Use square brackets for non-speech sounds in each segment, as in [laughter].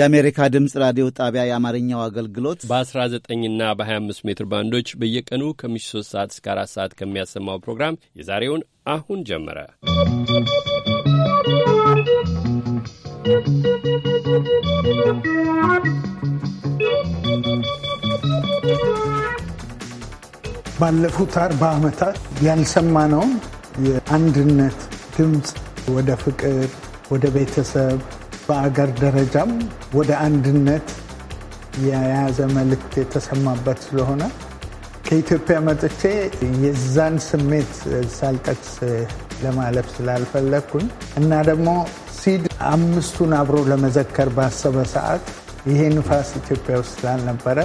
የአሜሪካ ድምፅ ራዲዮ ጣቢያ የአማርኛው አገልግሎት በ19 እና በ25 ሜትር ባንዶች በየቀኑ ከምሽቱ 3 ሰዓት እስከ 4 ሰዓት ከሚያሰማው ፕሮግራም የዛሬውን አሁን ጀመረ። ባለፉት አርባ ዓመታት ያልሰማነውን የአንድነት ድምፅ ወደ ፍቅር፣ ወደ ቤተሰብ በአገር ደረጃም ወደ አንድነት የያዘ መልእክት የተሰማበት ስለሆነ ከኢትዮጵያ መጥቼ የዛን ስሜት ሳልጠቅስ ለማለፍ ስላልፈለግኩኝ እና ደግሞ ሲድ አምስቱን አብሮ ለመዘከር ባሰበ ሰዓት ይሄ ንፋስ ኢትዮጵያ ውስጥ ስላልነበረ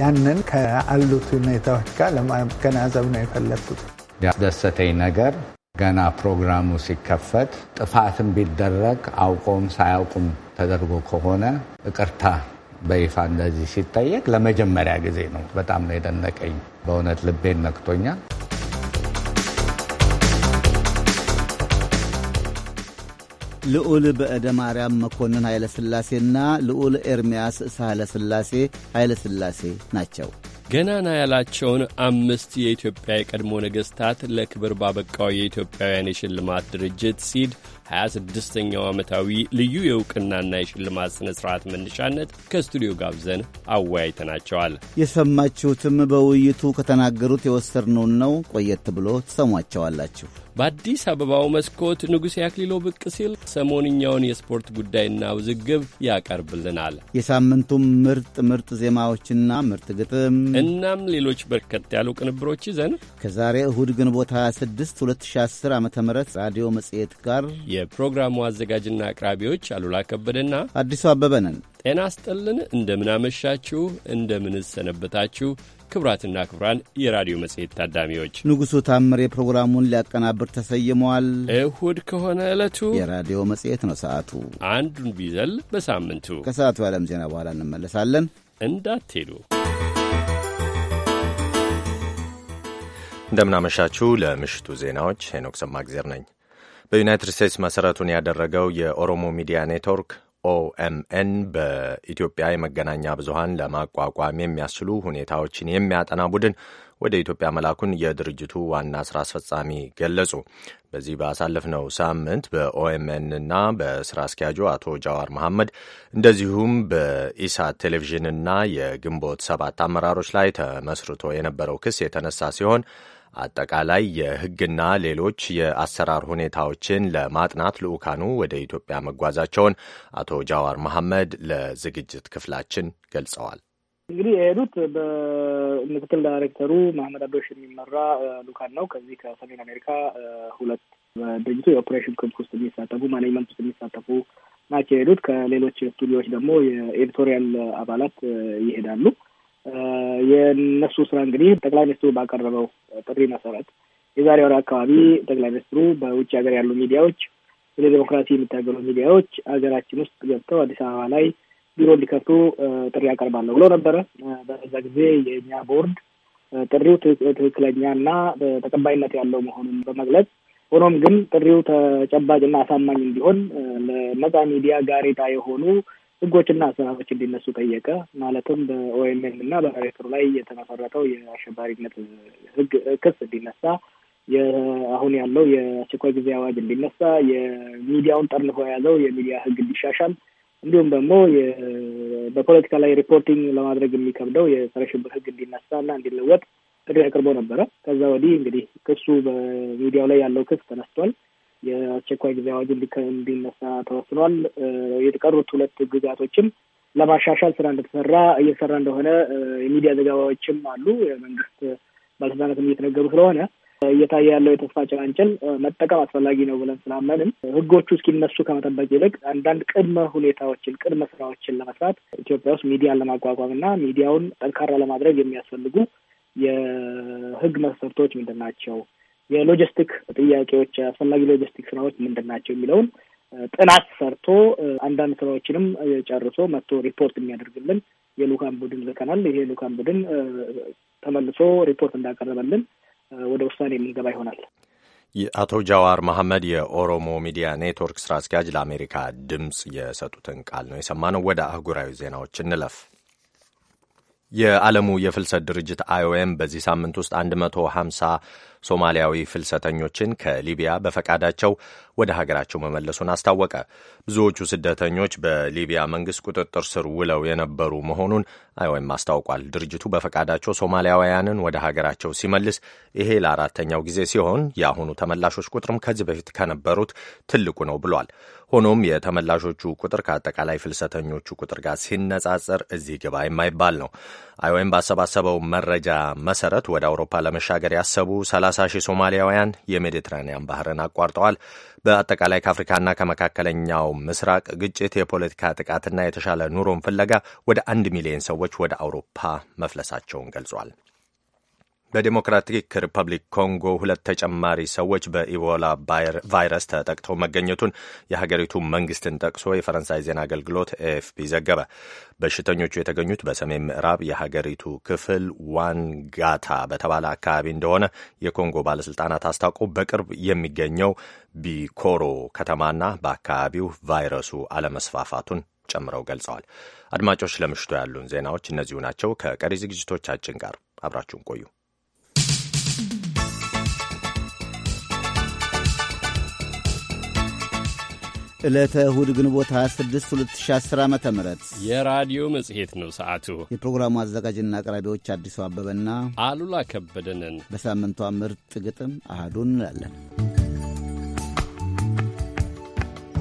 ያንን ከአሉት ሁኔታዎች ጋር ለማገናዘብ ነው የፈለግኩት። ያስደሰተኝ ነገር ገና ፕሮግራሙ ሲከፈት ጥፋትም ቢደረግ አውቆም ሳያውቁም ተደርጎ ከሆነ እቅርታ በይፋ እንደዚህ ሲጠየቅ ለመጀመሪያ ጊዜ ነው። በጣም ነው የደነቀኝ። በእውነት ልቤን ነክቶኛል። ልዑል በዕደ ማርያም መኮንን ኃይለሥላሴና ልዑል ኤርምያስ ሳህለሥላሴ ኃይለሥላሴ ናቸው። ገናና ያላቸውን አምስት የኢትዮጵያ የቀድሞ ነገሥታት ለክብር ባበቃው የኢትዮጵያውያን የሽልማት ድርጅት ሲድ 26ኛው ዓመታዊ ልዩ የእውቅናና የሽልማት ሥነ ሥርዓት መነሻነት ከስቱዲዮ ጋብዘን አወያይተናቸዋል። የሰማችሁትም በውይይቱ ከተናገሩት የወሰድነውን ነው። ቆየት ብሎ ትሰሟቸዋላችሁ። በአዲስ አበባው መስኮት ንጉሴ አክሊሎ ብቅ ሲል ሰሞንኛውን የስፖርት ጉዳይና ውዝግብ ያቀርብልናል። የሳምንቱም ምርጥ ምርጥ ዜማዎችና ምርጥ ግጥም እናም ሌሎች በርከት ያሉ ቅንብሮች ይዘን ከዛሬ እሁድ ግንቦት 26 2010 ዓ ም ራዲዮ መጽሔት ጋር የፕሮግራሙ አዘጋጅና አቅራቢዎች አሉላ ከበደና አዲሱ አበበ ነን። ጤና ስጥልን። እንደምናመሻችሁ፣ እንደምንሰነበታችሁ ክቡራትና ክቡራን የራዲዮ መጽሔት ታዳሚዎች ንጉሡ ታምሬ ፕሮግራሙን ሊያቀናብር ተሰይመዋል። እሁድ ከሆነ ዕለቱ የራዲዮ መጽሔት ነው። ሰዓቱ አንዱን ቢዘል በሳምንቱ ከሰዓቱ የዓለም ዜና በኋላ እንመለሳለን። እንዳትሄዱ እንደምናመሻችሁ። ለምሽቱ ዜናዎች ሄኖክ ሰማግዜር ነኝ። በዩናይትድ ስቴትስ መሠረቱን ያደረገው የኦሮሞ ሚዲያ ኔትወርክ ኦኤምኤን በኢትዮጵያ የመገናኛ ብዙሀን ለማቋቋም የሚያስችሉ ሁኔታዎችን የሚያጠና ቡድን ወደ ኢትዮጵያ መላኩን የድርጅቱ ዋና ስራ አስፈጻሚ ገለጹ። በዚህ ባሳለፍነው ሳምንት በኦኤምኤንና በስራ አስኪያጁ አቶ ጃዋር መሐመድ እንደዚሁም በኢሳት ቴሌቪዥንና የግንቦት ሰባት አመራሮች ላይ ተመስርቶ የነበረው ክስ የተነሳ ሲሆን አጠቃላይ የሕግና ሌሎች የአሰራር ሁኔታዎችን ለማጥናት ልዑካኑ ወደ ኢትዮጵያ መጓዛቸውን አቶ ጃዋር መሐመድ ለዝግጅት ክፍላችን ገልጸዋል። እንግዲህ የሄዱት በምክትል ዳይሬክተሩ መሐመድ አዶሽ የሚመራ ልዑካን ነው። ከዚህ ከሰሜን አሜሪካ ሁለት በድርጅቱ የኦፕሬሽን ክንፍ ውስጥ የሚሳተፉ ማኔጅመንት ውስጥ የሚሳተፉ ናቸው የሄዱት። ከሌሎች ስቱዲዮዎች ደግሞ የኤዲቶሪያል አባላት ይሄዳሉ። የእነሱ ስራ እንግዲህ ጠቅላይ ሚኒስትሩ ባቀረበው ጥሪ መሰረት የዛሬ ወር አካባቢ ጠቅላይ ሚኒስትሩ በውጭ ሀገር ያሉ ሚዲያዎች ስለ ዴሞክራሲ የሚታገሉ ሚዲያዎች ሀገራችን ውስጥ ገብተው አዲስ አበባ ላይ ቢሮ እንዲከፍቱ ጥሪ ያቀርባለሁ ብለው ነበረ። በዛ ጊዜ የእኛ ቦርድ ጥሪው ትክክለኛና ተቀባይነት ያለው መሆኑን በመግለጽ ሆኖም ግን ጥሪው ተጨባጭና አሳማኝ እንዲሆን ለነጻ ሚዲያ ጋሬጣ የሆኑ ህጎችና አሰራሮች እንዲነሱ ጠየቀ። ማለትም በኦኤምኤም እና በሬክሩ ላይ የተመሰረተው የአሸባሪነት ህግ ክስ እንዲነሳ፣ አሁን ያለው የአስቸኳይ ጊዜ አዋጅ እንዲነሳ፣ የሚዲያውን ጠርንፎ የያዘው የሚዲያ ህግ እንዲሻሻል፣ እንዲሁም ደግሞ በፖለቲካ ላይ ሪፖርቲንግ ለማድረግ የሚከብደው የጸረ ሽብር ህግ እንዲነሳ እና እንዲለወጥ ጥሪ አቅርቦ ነበረ። ከዛ ወዲህ እንግዲህ ክሱ በሚዲያው ላይ ያለው ክስ ተነስቷል። የአስቸኳይ ጊዜ አዋጅ እንዲነሳ ተወስኗል። የተቀሩት ሁለት ግዛቶችም ለማሻሻል ስራ እንደተሰራ እየተሰራ እንደሆነ የሚዲያ ዘገባዎችም አሉ። የመንግስት ባለስልጣናትም እየተነገሩ ስለሆነ እየታየ ያለው የተስፋ ጭላንጭል መጠቀም አስፈላጊ ነው ብለን ስላመንም ህጎቹ እስኪነሱ ከመጠበቅ ይልቅ አንዳንድ ቅድመ ሁኔታዎችን ቅድመ ስራዎችን ለመስራት ኢትዮጵያ ውስጥ ሚዲያን ለማቋቋም እና ሚዲያውን ጠንካራ ለማድረግ የሚያስፈልጉ የህግ መስፈርቶች ምንድን ናቸው? የሎጂስቲክ ጥያቄዎች አስፈላጊ ሎጂስቲክ ስራዎች ምንድን ናቸው የሚለውን ጥናት ሰርቶ አንዳንድ ስራዎችንም ጨርሶ መጥቶ ሪፖርት የሚያደርግልን የልኡካን ቡድን ልከናል። ይሄ ልኡካን ቡድን ተመልሶ ሪፖርት እንዳቀረበልን ወደ ውሳኔ የሚገባ ይሆናል። አቶ ጃዋር መሐመድ የኦሮሞ ሚዲያ ኔትወርክ ስራ አስኪያጅ ለአሜሪካ ድምፅ የሰጡትን ቃል ነው የሰማነው። ወደ አህጉራዊ ዜናዎች እንለፍ። የዓለሙ የፍልሰት ድርጅት አይኦኤም በዚህ ሳምንት ውስጥ 150 ሶማሊያዊ ፍልሰተኞችን ከሊቢያ በፈቃዳቸው ወደ ሀገራቸው መመለሱን አስታወቀ። ብዙዎቹ ስደተኞች በሊቢያ መንግሥት ቁጥጥር ስር ውለው የነበሩ መሆኑን አይኦኤም አስታውቋል። ድርጅቱ በፈቃዳቸው ሶማሊያውያንን ወደ ሀገራቸው ሲመልስ ይሄ ለአራተኛው ጊዜ ሲሆን የአሁኑ ተመላሾች ቁጥርም ከዚህ በፊት ከነበሩት ትልቁ ነው ብሏል። ሆኖም የተመላሾቹ ቁጥር ከአጠቃላይ ፍልሰተኞቹ ቁጥር ጋር ሲነጻጸር እዚህ ግባ የማይባል ነው። አይኦኤም ባሰባሰበው መረጃ መሰረት ወደ አውሮፓ ለመሻገር ያሰቡ 30 ሺህ ሶማሊያውያን የሜዲትራኒያን ባህርን አቋርጠዋል። በአጠቃላይ ከአፍሪካና ከመካከለኛው ምስራቅ ግጭት፣ የፖለቲካ ጥቃትና የተሻለ ኑሮን ፍለጋ ወደ አንድ ሚሊዮን ሰዎች ወደ አውሮፓ መፍለሳቸውን ገልጿል። በዴሞክራቲክ ሪፐብሊክ ኮንጎ ሁለት ተጨማሪ ሰዎች በኢቦላ ቫይረስ ተጠቅተው መገኘቱን የሀገሪቱ መንግስትን ጠቅሶ የፈረንሳይ ዜና አገልግሎት ኤኤፍፒ ዘገበ። በሽተኞቹ የተገኙት በሰሜን ምዕራብ የሀገሪቱ ክፍል ዋንጋታ በተባለ አካባቢ እንደሆነ የኮንጎ ባለስልጣናት አስታውቆ በቅርብ የሚገኘው ቢኮሮ ከተማና በአካባቢው ቫይረሱ አለመስፋፋቱን ጨምረው ገልጸዋል። አድማጮች፣ ለምሽቱ ያሉን ዜናዎች እነዚሁ ናቸው። ከቀሪ ዝግጅቶቻችን ጋር አብራችሁን ቆዩ። ዕለተ እሁድ ግንቦት 26 2010 ዓ ም የራዲዮ መጽሔት ነው ሰዓቱ። የፕሮግራሙ አዘጋጅና አቅራቢዎች አዲሱ አበበና አሉላ ከበደንን በሳምንቷ ምርጥ ግጥም አህዱ እንላለን።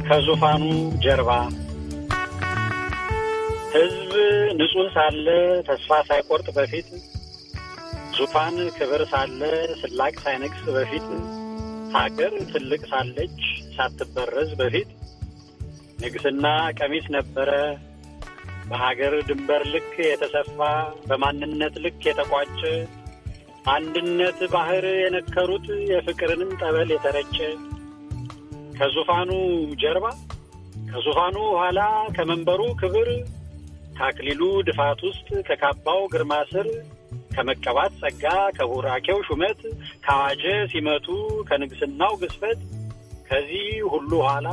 ከዙፋኑ ጀርባ ሕዝብ ንጹሕ ሳለ ተስፋ ሳይቆርጥ በፊት ዙፋን ክብር ሳለ ስላቅ ሳይነቅስ በፊት ሀገር ትልቅ ሳለች ሳትበረዝ በፊት ንግስና ቀሚስ ነበረ። በሀገር ድንበር ልክ የተሰፋ በማንነት ልክ የተቋጨ አንድነት ባህር የነከሩት የፍቅርንም ጠበል የተረጨ ከዙፋኑ ጀርባ ከዙፋኑ ኋላ ከመንበሩ ክብር ከአክሊሉ ድፋት ውስጥ ከካባው ግርማ ስር ከመቀባት ጸጋ ከቡራኬው ሹመት ከአዋጀ ሲመቱ ከንግስናው ግዝፈት ከዚህ ሁሉ ኋላ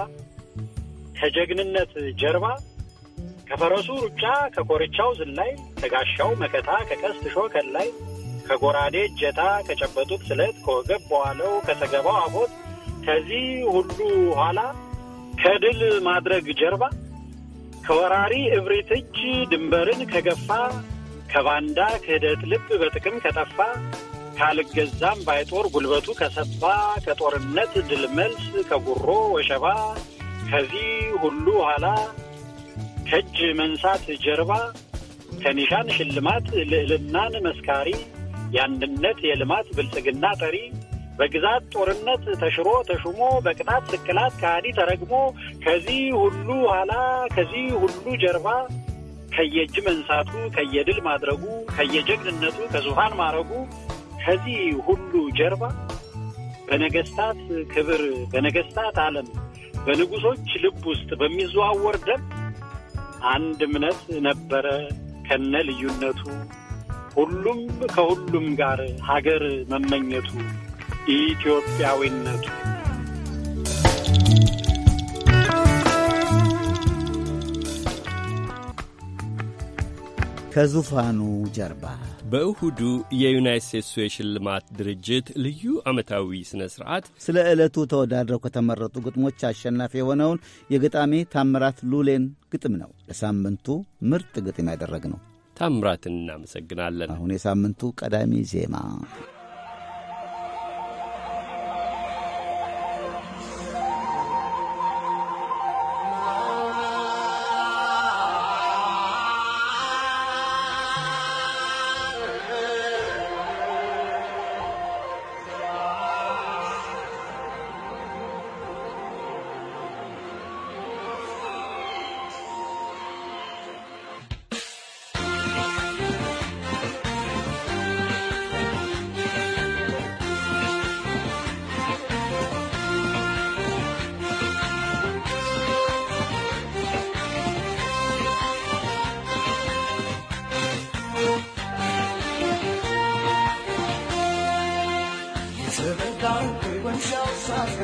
ከጀግንነት ጀርባ ከፈረሱ ሩጫ፣ ከኮርቻው ዝላይ፣ ከጋሻው መከታ፣ ከቀስት ሾከል ላይ ከጎራዴ እጀታ፣ ከጨበጡት ስለት፣ ከወገብ በኋለው፣ ከሰገባው አቦት ከዚህ ሁሉ ኋላ ከድል ማድረግ ጀርባ ከወራሪ እብሪት እጅ ድንበርን ከገፋ ከባንዳ ክህደት ልብ በጥቅም ከጠፋ ካልገዛም ባይጦር ጉልበቱ ከሰፋ ከጦርነት ድል መልስ ከጉሮ ወሸባ ከዚህ ሁሉ ኋላ ከእጅ መንሳት ጀርባ ከኒሻን ሽልማት ልዕልናን መስካሪ የአንድነት የልማት ብልጽግና ጠሪ በግዛት ጦርነት ተሽሮ ተሹሞ በቅጣት ስቅላት ከሃዲ ተረግሞ ከዚህ ሁሉ ኋላ ከዚህ ሁሉ ጀርባ ከየእጅ መንሳቱ ከየድል ማድረጉ ከየጀግንነቱ ከዙፋን ማረጉ ከዚህ ሁሉ ጀርባ በነገስታት ክብር በነገስታት ዓለም በንጉሶች ልብ ውስጥ በሚዘዋወር ደም አንድ እምነት ነበረ ከነ ልዩነቱ ሁሉም ከሁሉም ጋር ሀገር መመኘቱ ኢትዮጵያዊነቱ። ከዙፋኑ ጀርባ በእሁዱ የዩናይት ስቴትሱ የሽልማት ድርጅት ልዩ ዓመታዊ ሥነ ሥርዓት ስለ ዕለቱ ተወዳድረው ከተመረጡ ግጥሞች አሸናፊ የሆነውን የገጣሚ ታምራት ሉሌን ግጥም ነው ለሳምንቱ ምርጥ ግጥም ያደረግ ነው። ታምራትን እናመሰግናለን። አሁን የሳምንቱ ቀዳሚ ዜማ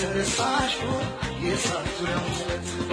ተረሳሹ የሳቱረሙነት ባ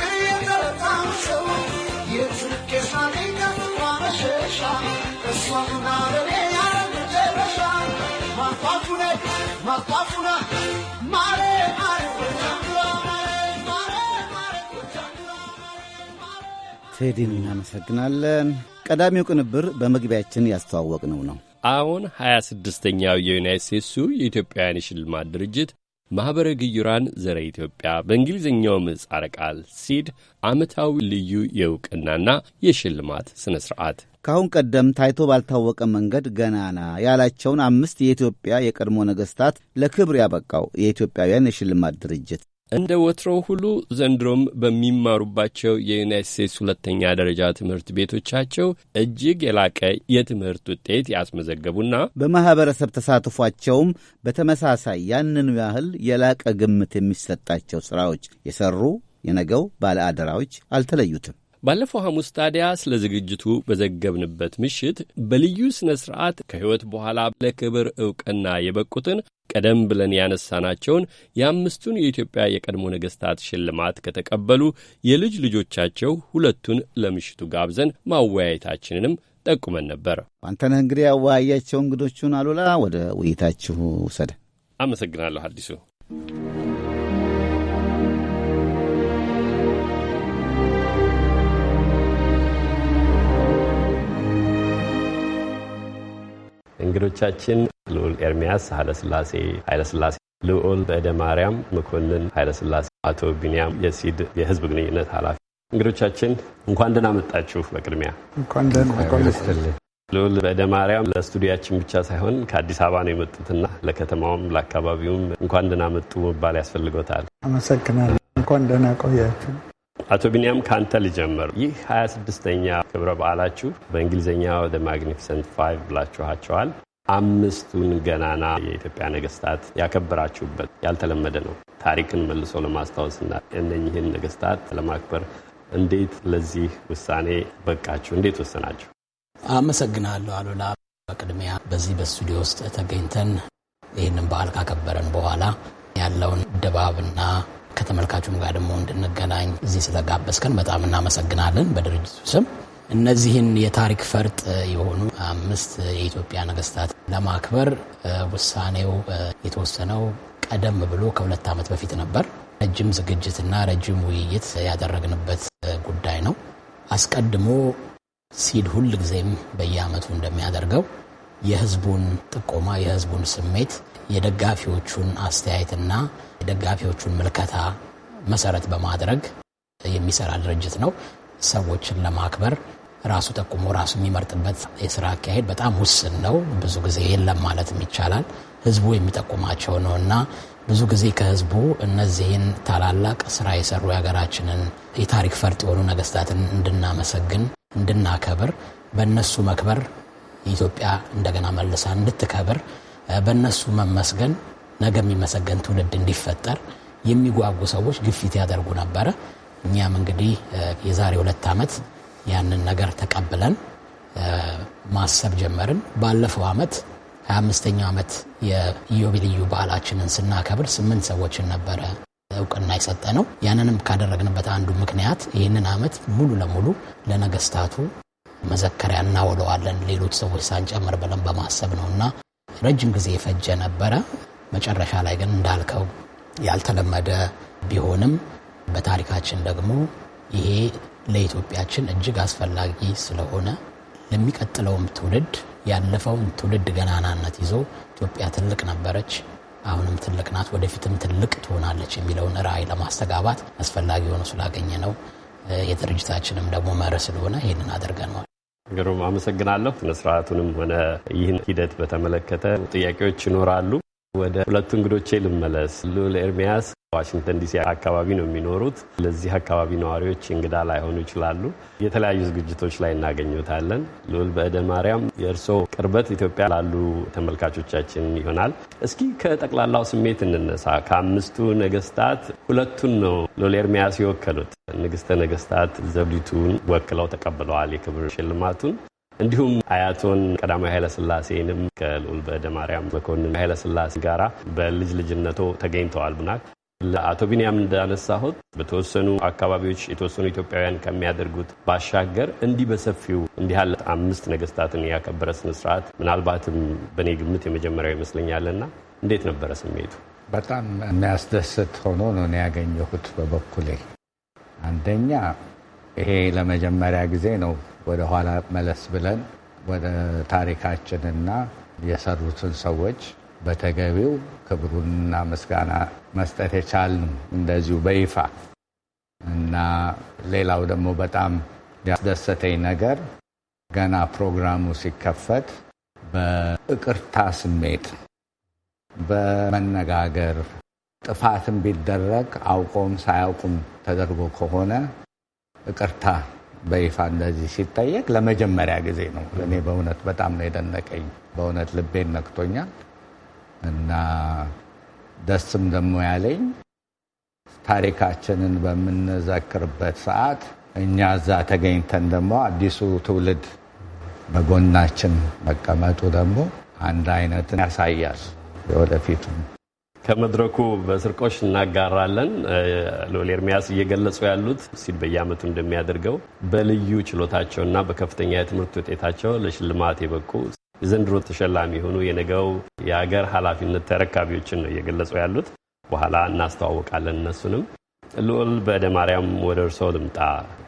ቴዲን እናመሰግናለን። ቀዳሚው ቅንብር በመግቢያችን ያስተዋወቅነው ነው። አሁን 26ኛው የዩናይት ስቴትሱ የኢትዮጵያውያን የሽልማት ድርጅት ማኅበረ ግዩራን ዘረ ኢትዮጵያ በእንግሊዝኛው ምጻረ ቃል ሲድ ዓመታዊ ልዩ የእውቅናና የሽልማት ሥነ ሥርዓት ከአሁን ቀደም ታይቶ ባልታወቀ መንገድ ገናና ያላቸውን አምስት የኢትዮጵያ የቀድሞ ነገሥታት ለክብር ያበቃው የኢትዮጵያውያን የሽልማት ድርጅት እንደ ወትሮው ሁሉ ዘንድሮም በሚማሩባቸው የዩናይት ስቴትስ ሁለተኛ ደረጃ ትምህርት ቤቶቻቸው እጅግ የላቀ የትምህርት ውጤት ያስመዘገቡና በማኅበረሰብ ተሳትፏቸውም በተመሳሳይ ያንኑ ያህል የላቀ ግምት የሚሰጣቸው ሥራዎች የሠሩ የነገው ባለአደራዎች አልተለዩትም። ባለፈው ሐሙስ ታዲያ ስለ ዝግጅቱ በዘገብንበት ምሽት በልዩ ሥነ ሥርዓት ከሕይወት በኋላ ለክብር ዕውቅና የበቁትን ቀደም ብለን ያነሳናቸውን የአምስቱን የኢትዮጵያ የቀድሞ ነገሥታት ሽልማት ከተቀበሉ የልጅ ልጆቻቸው ሁለቱን ለምሽቱ ጋብዘን ማወያየታችንንም ጠቁመን ነበር። አንተነህ እንግዲህ ያወያያቸው እንግዶቹን አሉላ፣ ወደ ውይይታችሁ ውሰደ። አመሰግናለሁ አዲሱ እንግዶቻችን ልዑል ኤርሚያስ ኃይለስላሴ ኃይለስላሴ፣ ልዑል በደ ማርያም መኮንን ኃይለስላሴ፣ አቶ ቢንያም የሲድ የህዝብ ግንኙነት ኃላፊ እንግዶቻችን እንኳን ደህና መጣችሁ። በቅድሚያ እንኳን ደህና ልዑል በደ ማርያም ለስቱዲያችን ብቻ ሳይሆን ከአዲስ አበባ ነው የመጡትና ለከተማውም ለአካባቢውም እንኳን ደህና መጡ መባል ያስፈልጎታል። አመሰግናለሁ። እንኳን ደህና ቆያችሁ። አቶ ቢንያም ከአንተ ልጀምር። ይህ 26ኛ ክብረ በዓላችሁ በእንግሊዝኛ ወደ ማግኒፊሰንት ፋይቭ ብላችኋቸዋል። አምስቱን ገናና የኢትዮጵያ ነገስታት ያከበራችሁበት ያልተለመደ ነው። ታሪክን መልሶ ለማስታወስና እነኝህን ነገስታት ለማክበር እንዴት ለዚህ ውሳኔ በቃችሁ? እንዴት ወሰናችሁ? አመሰግናለሁ አሉላ። በቅድሚያ በዚህ በስቱዲዮ ውስጥ ተገኝተን ይህንን በዓል ካከበረን በኋላ ያለውን ድባብና ከተመልካቹም ጋር ደግሞ እንድንገናኝ እዚህ ስለጋበዝከን በጣም እናመሰግናለን በድርጅቱ ስም። እነዚህን የታሪክ ፈርጥ የሆኑ አምስት የኢትዮጵያ ነገስታት ለማክበር ውሳኔው የተወሰነው ቀደም ብሎ ከሁለት ዓመት በፊት ነበር። ረጅም ዝግጅትና ረጅም ውይይት ያደረግንበት ጉዳይ ነው። አስቀድሞ ሲድ ሁል ጊዜም በየዓመቱ እንደሚያደርገው የህዝቡን ጥቆማ፣ የህዝቡን ስሜት፣ የደጋፊዎቹን አስተያየትና የደጋፊዎቹን ምልከታ መሰረት በማድረግ የሚሰራ ድርጅት ነው። ሰዎችን ለማክበር ራሱ ጠቁሞ ራሱ የሚመርጥበት የስራ አካሄድ በጣም ውስን ነው። ብዙ ጊዜ የለም ማለትም ይቻላል። ህዝቡ የሚጠቁማቸው ነው እና ብዙ ጊዜ ከህዝቡ እነዚህን ታላላቅ ስራ የሰሩ የሀገራችንን የታሪክ ፈርጥ የሆኑ ነገስታትን እንድናመሰግን፣ እንድናከብር በእነሱ መክበር ኢትዮጵያ እንደገና መልሳ እንድትከብር በእነሱ መመስገን ነገ የሚመሰገን ትውልድ እንዲፈጠር የሚጓጉ ሰዎች ግፊት ያደርጉ ነበረ። እኛም እንግዲህ የዛሬ ሁለት ዓመት ያንን ነገር ተቀብለን ማሰብ ጀመርን። ባለፈው ዓመት ሀያ አምስተኛው ዓመት የኢዮቤልዩ በዓላችንን ስናከብር ስምንት ሰዎችን ነበረ እውቅና የሰጠ ነው። ያንንም ካደረግንበት አንዱ ምክንያት ይህንን ዓመት ሙሉ ለሙሉ ለነገስታቱ መዘከሪያ እናውለዋለን ሌሎች ሰዎች ሳንጨምር ብለን በማሰብ ነው እና ረጅም ጊዜ የፈጀ ነበረ። መጨረሻ ላይ ግን እንዳልከው ያልተለመደ ቢሆንም በታሪካችን ደግሞ ይሄ ለኢትዮጵያችን እጅግ አስፈላጊ ስለሆነ ለሚቀጥለውም ትውልድ ያለፈውን ትውልድ ገናናነት ይዞ ኢትዮጵያ ትልቅ ነበረች፣ አሁንም ትልቅ ናት፣ ወደፊትም ትልቅ ትሆናለች የሚለውን ራዕይ ለማስተጋባት አስፈላጊ ሆኖ ስላገኘ ነው። የድርጅታችንም ደግሞ መርህ ስለሆነ ይህንን አድርገነዋል። ግሩም አመሰግናለሁ። ስነስርዓቱንም ሆነ ይህን ሂደት በተመለከተ ጥያቄዎች ይኖራሉ። ወደ ሁለቱ እንግዶቼ ልመለስ። ሉል ኤርሚያስ ዋሽንግተን ዲሲ አካባቢ ነው የሚኖሩት። ለዚህ አካባቢ ነዋሪዎች እንግዳ ላይሆኑ ይችላሉ። የተለያዩ ዝግጅቶች ላይ እናገኙታለን። ሉል በእደ ማርያም የእርስዎ ቅርበት ኢትዮጵያ ላሉ ተመልካቾቻችን ይሆናል። እስኪ ከጠቅላላው ስሜት እንነሳ። ከአምስቱ ነገስታት ሁለቱን ነው ሉል ኤርሚያስ የወከሉት። ንግስተ ነገስታት ዘውዲቱን ወክለው ተቀብለዋል የክብር ሽልማቱን። እንዲሁም አያቶን ቀዳማዊ ኃይለስላሴንም ከልዑል በደ ማርያም መኮንን ኃይለስላሴ ጋራ በልጅ ልጅነቶ ተገኝተዋል። ብናል። ለአቶ ቢንያም እንዳነሳሁት በተወሰኑ አካባቢዎች የተወሰኑ ኢትዮጵያውያን ከሚያደርጉት ባሻገር እንዲህ በሰፊው እንዲህ ያለ አምስት ነገስታትን ያከበረ ስነስርዓት ምናልባትም በእኔ ግምት የመጀመሪያው ይመስለኛልና እንዴት ነበረ ስሜቱ? በጣም የሚያስደስት ሆኖ ነው ነው ያገኘሁት በበኩሌ አንደኛ ይሄ ለመጀመሪያ ጊዜ ነው ወደ ኋላ መለስ ብለን ወደ ታሪካችንና የሰሩትን ሰዎች በተገቢው ክብሩንና ምስጋና መስጠት የቻልን እንደዚሁ በይፋ እና ሌላው ደግሞ በጣም ያስደሰተኝ ነገር ገና ፕሮግራሙ ሲከፈት በእቅርታ ስሜት በመነጋገር ጥፋትም ቢደረግ አውቆም ሳያውቁም ተደርጎ ከሆነ እቅርታ በይፋ እንደዚህ ሲጠየቅ ለመጀመሪያ ጊዜ ነው። እኔ በእውነት በጣም ነው የደነቀኝ። በእውነት ልቤን ነክቶኛል እና ደስም ደግሞ ያለኝ ታሪካችንን በምንዘክርበት ሰዓት እኛ እዛ ተገኝተን ደግሞ አዲሱ ትውልድ በጎናችን መቀመጡ ደግሞ አንድ አይነትን ያሳያል የወደፊቱን ከመድረኩ በስርቆች እናጋራለን። ሎሌ ኤርሚያስ እየገለጹ ያሉት ሲል በየአመቱ እንደሚያደርገው በልዩ ችሎታቸውና በከፍተኛ የትምህርት ውጤታቸው ለሽልማት የበቁ የዘንድሮ ተሸላሚ የሆኑ የነገው የሀገር ኃላፊነት ተረካቢዎችን ነው እየገለጹ ያሉት። በኋላ እናስተዋወቃለን እነሱንም። ልዑል በደ ማርያም ወደ እርሶ ልምጣ።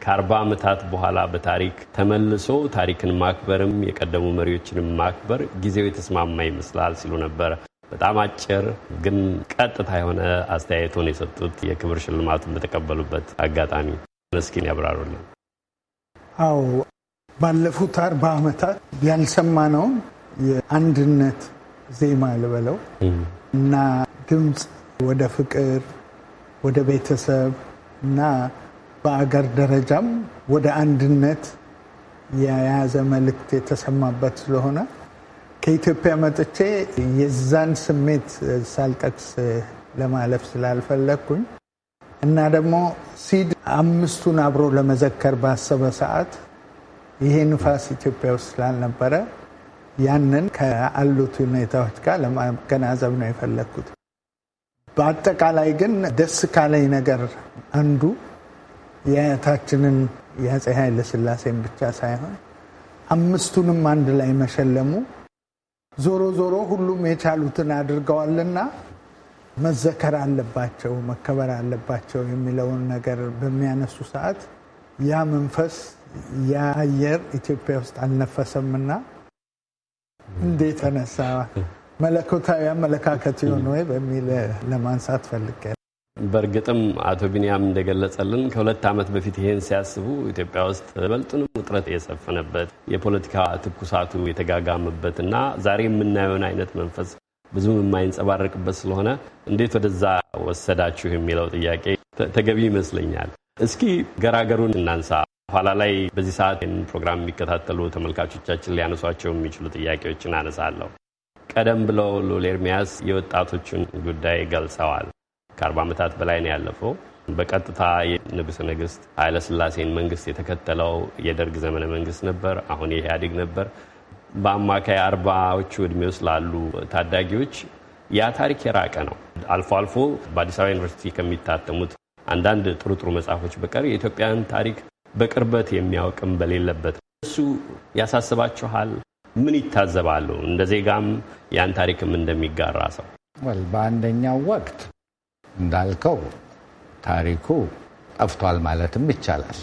ከአርባ ዓመታት በኋላ በታሪክ ተመልሶ ታሪክን ማክበርም የቀደሙ መሪዎችንም ማክበር ጊዜው የተስማማ ይመስላል ሲሉ ነበር በጣም አጭር ግን ቀጥታ የሆነ አስተያየቱን የሰጡት የክብር ሽልማቱን በተቀበሉበት አጋጣሚ መስኪን ያብራሩልን። አዎ ባለፉት አርባ ዓመታት ያልሰማነውን የአንድነት ዜማ ልበለው እና ድምፅ ወደ ፍቅር፣ ወደ ቤተሰብ እና በአገር ደረጃም ወደ አንድነት የያዘ መልእክት የተሰማበት ስለሆነ ከኢትዮጵያ መጥቼ የዛን ስሜት ሳልጠቅስ ለማለፍ ስላልፈለግኩኝ እና ደግሞ ሲድ አምስቱን አብሮ ለመዘከር ባሰበ ሰዓት ይሄ ንፋስ ኢትዮጵያ ውስጥ ስላልነበረ ያንን ከአሉት ሁኔታዎች ጋር ለማገናዘብ ነው የፈለግኩት። በአጠቃላይ ግን ደስ ካለኝ ነገር አንዱ የአያታችንን የአፄ ኃይለ ብቻ ሳይሆን አምስቱንም አንድ ላይ መሸለሙ ዞሮ ዞሮ ሁሉም የቻሉትን አድርገዋልና መዘከር አለባቸው፣ መከበር አለባቸው የሚለውን ነገር በሚያነሱ ሰዓት ያ መንፈስ ያ አየር ኢትዮጵያ ውስጥ አልነፈሰምና እንዴት ተነሳ? መለኮታዊ አመለካከት ይሆን ወይ በሚል ለማንሳት ፈልጌ በእርግጥም አቶ ቢንያም እንደገለጸልን ከሁለት ዓመት በፊት ይሄን ሲያስቡ ኢትዮጵያ ውስጥ በልጡንም ውጥረት የሰፈነበት የፖለቲካ ትኩሳቱ የተጋጋመበት እና ዛሬ የምናየውን አይነት መንፈስ ብዙም የማይንጸባረቅበት ስለሆነ እንዴት ወደዛ ወሰዳችሁ የሚለው ጥያቄ ተገቢ ይመስለኛል። እስኪ ገራገሩን እናንሳ። ኋላ ላይ በዚህ ሰዓት ፕሮግራም የሚከታተሉ ተመልካቾቻችን ሊያነሷቸው የሚችሉ ጥያቄዎችን አነሳለሁ። ቀደም ብለው ሎሌ ኤርሚያስ ጉዳይ ገልጸዋል። ከአርባ ዓመታት በላይ ነው ያለፈው። በቀጥታ የንጉሠ ነገሥት ኃይለሥላሴን መንግስት የተከተለው የደርግ ዘመነ መንግስት ነበር። አሁን የኢህአዴግ ነበር። በአማካይ አርባዎቹ እድሜ ውስጥ ላሉ ታዳጊዎች ያ ታሪክ የራቀ ነው። አልፎ አልፎ በአዲስ አበባ ዩኒቨርሲቲ ከሚታተሙት አንዳንድ ጥሩ ጥሩ መጽሐፎች በቀር የኢትዮጵያን ታሪክ በቅርበት የሚያውቅም በሌለበት እሱ ያሳስባችኋል? ምን ይታዘባሉ? እንደ ዜጋም ያን ታሪክም እንደሚጋራ ሰው በአንደኛው ወቅት እንዳልከው ታሪኩ ጠፍቷል ማለትም ይቻላል።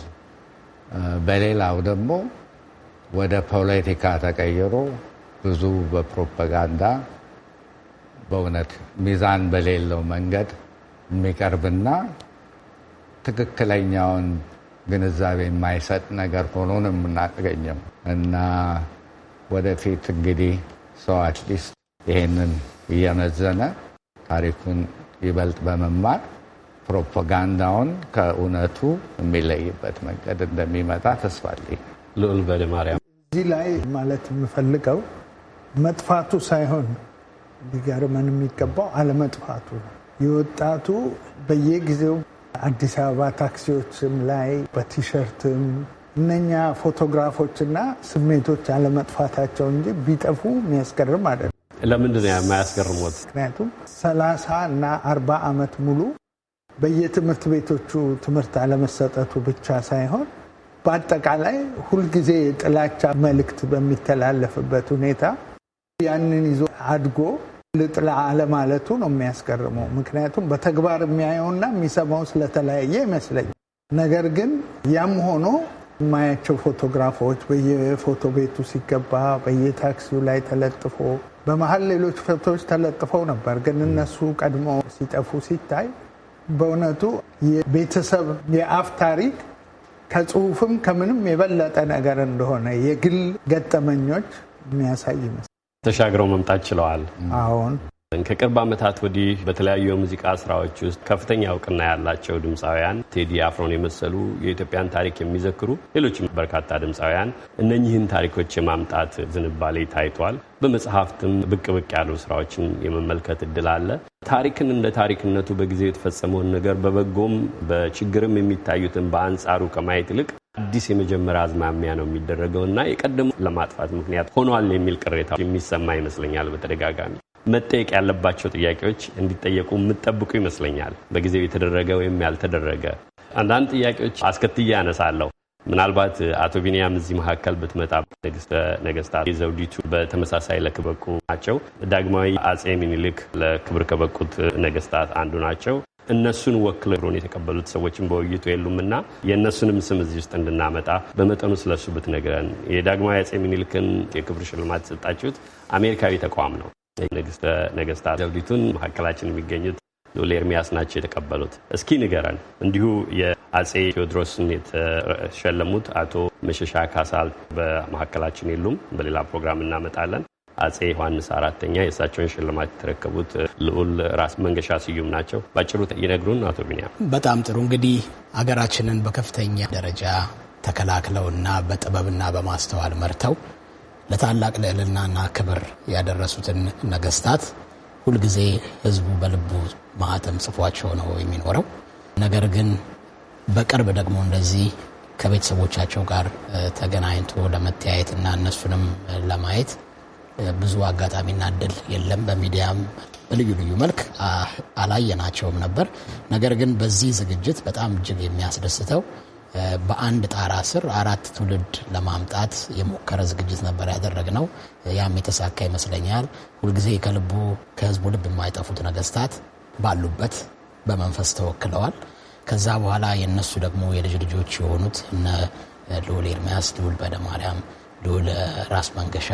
በሌላው ደግሞ ወደ ፖለቲካ ተቀይሮ ብዙ በፕሮፓጋንዳ በእውነት ሚዛን በሌለው መንገድ የሚቀርብና ትክክለኛውን ግንዛቤ የማይሰጥ ነገር ሆኖ ነው የምናገኘው እና ወደፊት እንግዲህ ሰው አትሊስት ይሄንን እየመዘነ ታሪኩን ይበልጥ በመማር ፕሮፓጋንዳውን ከእውነቱ የሚለይበት መንገድ እንደሚመጣ ተስፋ አለኝ። ልዑል በደ ማርያም፣ እዚህ ላይ ማለት የምፈልገው መጥፋቱ ሳይሆን ሊገርመን የሚገባው አለመጥፋቱ ነው። የወጣቱ በየጊዜው አዲስ አበባ ታክሲዎችም ላይ በቲሸርትም እነኛ ፎቶግራፎችና ስሜቶች አለመጥፋታቸው እንጂ ቢጠፉ የሚያስገርም አይደለም። ለምንድን ነው ምክንያቱም ሰላሳ እና አርባ ዓመት ሙሉ በየትምህርት ቤቶቹ ትምህርት አለመሰጠቱ ብቻ ሳይሆን በአጠቃላይ ሁልጊዜ ጥላቻ መልእክት በሚተላለፍበት ሁኔታ ያንን ይዞ አድጎ ልጥላ አለማለቱ ነው የሚያስገርመው። ምክንያቱም በተግባር የሚያየውና የሚሰማው ስለተለያየ ይመስለኛል። ነገር ግን ያም ሆኖ የማያቸው ፎቶግራፎች በየፎቶ ቤቱ ሲገባ በየታክሲው ላይ ተለጥፎ በመሀል ሌሎች ከብቶች ተለጥፈው ነበር። ግን እነሱ ቀድሞ ሲጠፉ ሲታይ በእውነቱ የቤተሰብ የአፍ ታሪክ ከጽሁፍም ከምንም የበለጠ ነገር እንደሆነ የግል ገጠመኞች የሚያሳይ ይመስል ተሻግረው መምጣት ችለዋል። አሁን ከቅርብ ዓመታት ወዲህ በተለያዩ የሙዚቃ ስራዎች ውስጥ ከፍተኛ እውቅና ያላቸው ድምፃውያን ቴዲ አፍሮን የመሰሉ የኢትዮጵያን ታሪክ የሚዘክሩ ሌሎችም በርካታ ድምፃውያን እነኚህን ታሪኮች የማምጣት ዝንባሌ ታይቷል። በመጽሐፍትም ብቅ ብቅ ያሉ ስራዎችን የመመልከት እድል አለ። ታሪክን እንደ ታሪክነቱ በጊዜው የተፈጸመውን ነገር በበጎም በችግርም የሚታዩትን በአንጻሩ ከማየት ይልቅ አዲስ የመጀመሪያ አዝማሚያ ነው የሚደረገው እና የቀደሙ ለማጥፋት ምክንያት ሆኗል የሚል ቅሬታ የሚሰማ ይመስለኛል በተደጋጋሚ መጠየቅ ያለባቸው ጥያቄዎች እንዲጠየቁ የምጠብቁ ይመስለኛል። በጊዜው የተደረገ ወይም ያልተደረገ አንዳንድ ጥያቄዎች አስከትዬ ያነሳለሁ። ምናልባት አቶ ቢንያም እዚህ መካከል ብትመጣ ንግስተ ነገስታት የዘውዲቱ በተመሳሳይ ለክበቁ ናቸው። ዳግማዊ አጼ ሚኒልክ ለክብር ከበቁት ነገስታት አንዱ ናቸው። እነሱን ወክለውን የተቀበሉት ሰዎችን በውይይቱ የሉም እና የእነሱንም ስም እዚህ ውስጥ እንድናመጣ በመጠኑ ስለሱ ብትነግረን። የዳግማዊ አጼ ሚኒልክን የክብር ሽልማት የተሰጣችሁት አሜሪካዊ ተቋም ነው። ንግስተ ነገስታት ዘውዲቱን መካከላችን የሚገኙት ሉል ኤርሚያስ ናቸው የተቀበሉት። እስኪ ንገረን እንዲሁ የአጼ ቴዎድሮስን የተሸለሙት አቶ መሸሻ ካሳል በመካከላችን የሉም፣ በሌላ ፕሮግራም እናመጣለን። አጼ ዮሐንስ አራተኛ የእሳቸውን ሽልማት የተረከቡት ልዑል ራስ መንገሻ ስዩም ናቸው። ባጭሩ ይነግሩን አቶ ቢኒያም። በጣም ጥሩ እንግዲህ አገራችንን በከፍተኛ ደረጃ ተከላክለውና በጥበብና በማስተዋል መርተው ለታላቅ ልዕልናና ክብር ያደረሱትን ነገስታት ሁልጊዜ ህዝቡ በልቡ ማህተም ጽፏቸው ነው የሚኖረው። ነገር ግን በቅርብ ደግሞ እንደዚህ ከቤተሰቦቻቸው ጋር ተገናኝቶ ለመተያየት እና እነሱንም ለማየት ብዙ አጋጣሚና እድል የለም። በሚዲያም በልዩ ልዩ መልክ አላየናቸውም ነበር። ነገር ግን በዚህ ዝግጅት በጣም እጅግ የሚያስደስተው በአንድ ጣራ ስር አራት ትውልድ ለማምጣት የሞከረ ዝግጅት ነበር ያደረግነው። ያም የተሳካ ይመስለኛል። ሁልጊዜ ከልቡ ከህዝቡ ልብ የማይጠፉት ነገስታት ባሉበት በመንፈስ ተወክለዋል። ከዛ በኋላ የእነሱ ደግሞ የልጅ ልጆች የሆኑት እነ ልዑል ኤርሚያስ፣ ልዑል በደ ማርያም፣ ልዑል ራስ መንገሻ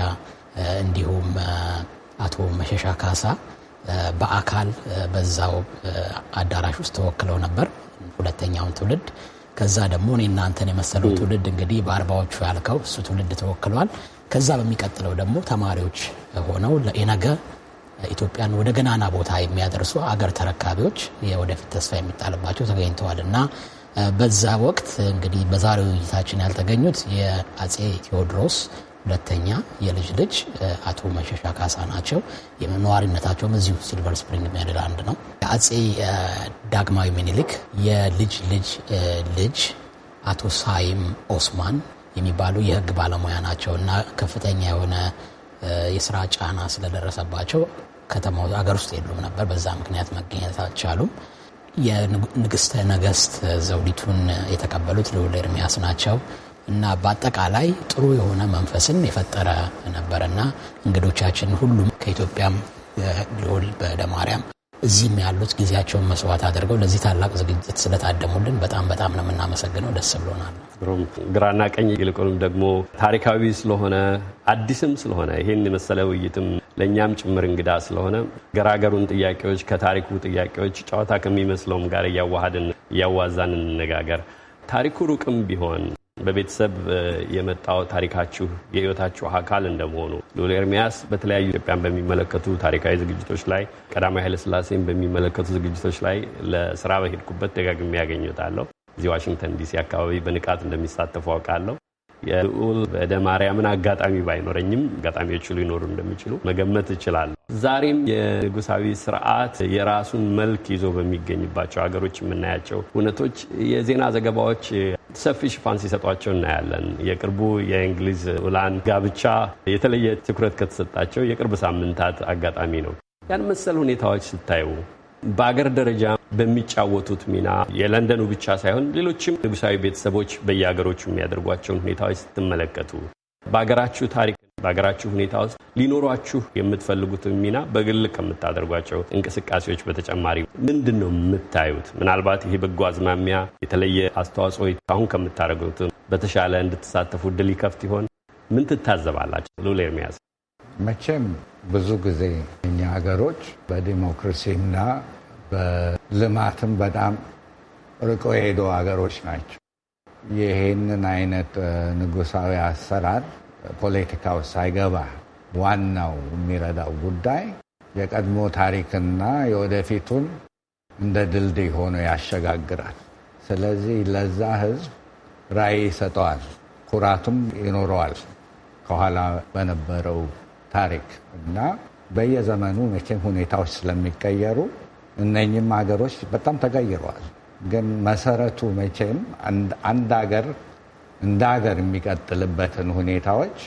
እንዲሁም አቶ መሸሻ ካሳ በአካል በዛው አዳራሽ ውስጥ ተወክለው ነበር ሁለተኛውን ትውልድ ከዛ ደግሞ እኔ እናንተን የመሰለው ትውልድ እንግዲህ በአርባዎቹ ያልከው እሱ ትውልድ ተወክሏል። ከዛ በሚቀጥለው ደግሞ ተማሪዎች ሆነው የነገ ኢትዮጵያን ወደ ገናና ቦታ የሚያደርሱ አገር ተረካቢዎች የወደፊት ተስፋ የሚጣልባቸው ተገኝተዋል እና በዛ ወቅት እንግዲህ በዛሬው ውይይታችን ያልተገኙት የአፄ ቴዎድሮስ ሁለተኛ የልጅ ልጅ አቶ መሸሻ ካሳ ናቸው። የነዋሪነታቸውም እዚሁ ሲልቨር ስፕሪንግ ሜሪላንድ ነው። አጼ ዳግማዊ ምኒልክ የልጅ ልጅ ልጅ አቶ ሳይም ኦስማን የሚባሉ የህግ ባለሙያ ናቸው እና ከፍተኛ የሆነ የስራ ጫና ስለደረሰባቸው ከተማ ሀገር ውስጥ የሉም ነበር። በዛ ምክንያት መገኘት አልቻሉም። የንግስተ ነገስት ዘውዲቱን የተቀበሉት ልዑል ኤርሚያስ ናቸው። እና በአጠቃላይ ጥሩ የሆነ መንፈስን የፈጠረ ነበርና እንግዶቻችን ሁሉም ከኢትዮጵያም ልዑል በደማርያም እዚህም ያሉት ጊዜያቸውን መስዋዕት አድርገው ለዚህ ታላቅ ዝግጅት ስለታደሙልን በጣም በጣም ነው የምናመሰግነው። ደስ ብሎናል። ግሩም ግራና ቀኝ ይልቁንም ደግሞ ታሪካዊ ስለሆነ አዲስም ስለሆነ ይህን የመሰለ ውይይትም ለእኛም ጭምር እንግዳ ስለሆነ ገራገሩን ጥያቄዎች ከታሪኩ ጥያቄዎች ጨዋታ ከሚመስለውም ጋር እያዋሃድን እያዋዛን እንነጋገር። ታሪኩ ሩቅም ቢሆን በቤተሰብ የመጣው ታሪካችሁ የህይወታችሁ አካል እንደመሆኑ ልዑል ኤርሚያስ በተለያዩ ኢትዮጵያን በሚመለከቱ ታሪካዊ ዝግጅቶች ላይ ቀዳማዊ ኃይለስላሴን በሚመለከቱ ዝግጅቶች ላይ ለስራ በሄድኩበት ደጋግሜ ያገኘታለሁ። እዚህ ዋሽንግተን ዲሲ አካባቢ በንቃት እንደሚሳተፉ አውቃለሁ። የልዑል ወደ ማርያምን አጋጣሚ ባይኖረኝም አጋጣሚዎቹ ሊኖሩ እንደሚችሉ መገመት እችላለሁ። ዛሬም የንጉሳዊ ስርዓት የራሱን መልክ ይዞ በሚገኝባቸው ሀገሮች የምናያቸው እውነቶች የዜና ዘገባዎች ሰፊ ሽፋን ሲሰጧቸው እናያለን። የቅርቡ የእንግሊዝ ውላን ጋብቻ የተለየ ትኩረት ከተሰጣቸው የቅርብ ሳምንታት አጋጣሚ ነው። ያን መሰል ሁኔታዎች ስታዩ በአገር ደረጃ በሚጫወቱት ሚና የለንደኑ ብቻ ሳይሆን ሌሎችም ንጉሳዊ ቤተሰቦች በየሀገሮቹ የሚያደርጓቸውን ሁኔታዎች ስትመለከቱ በሀገራችሁ ታሪክ በሀገራችሁ ሁኔታ ውስጥ ሊኖሯችሁ የምትፈልጉትን ሚና በግል ከምታደርጓቸው እንቅስቃሴዎች በተጨማሪ ምንድን ነው የምታዩት? ምናልባት ይሄ በጎ አዝማሚያ የተለየ አስተዋጽኦ አሁን ከምታደርጉት በተሻለ እንድትሳተፉ ድል ይከፍት ይሆን? ምን ትታዘባላችሁ? ሉላ ኤርሚያስ መቼም ብዙ ጊዜ እኛ ሀገሮች በዲሞክራሲና በልማትም በጣም ርቆ የሄዱ ሀገሮች ናቸው። ይህንን አይነት ንጉሳዊ አሰራር ፖለቲካው ሳይገባ ዋናው የሚረዳው ጉዳይ የቀድሞ ታሪክና የወደፊቱን እንደ ድልድይ ሆኖ ያሸጋግራል። ስለዚህ ለዛ ህዝብ ራዕይ ይሰጠዋል፣ ኩራቱም ይኖረዋል ከኋላ በነበረው ታሪክ እና በየዘመኑ መቼም ሁኔታዎች ስለሚቀየሩ እነኚህም ሀገሮች በጣም ተቀይረዋል። ግን መሰረቱ መቼም አንድ ሀገር እንደ ሀገር የሚቀጥልበትን ሁኔታዎች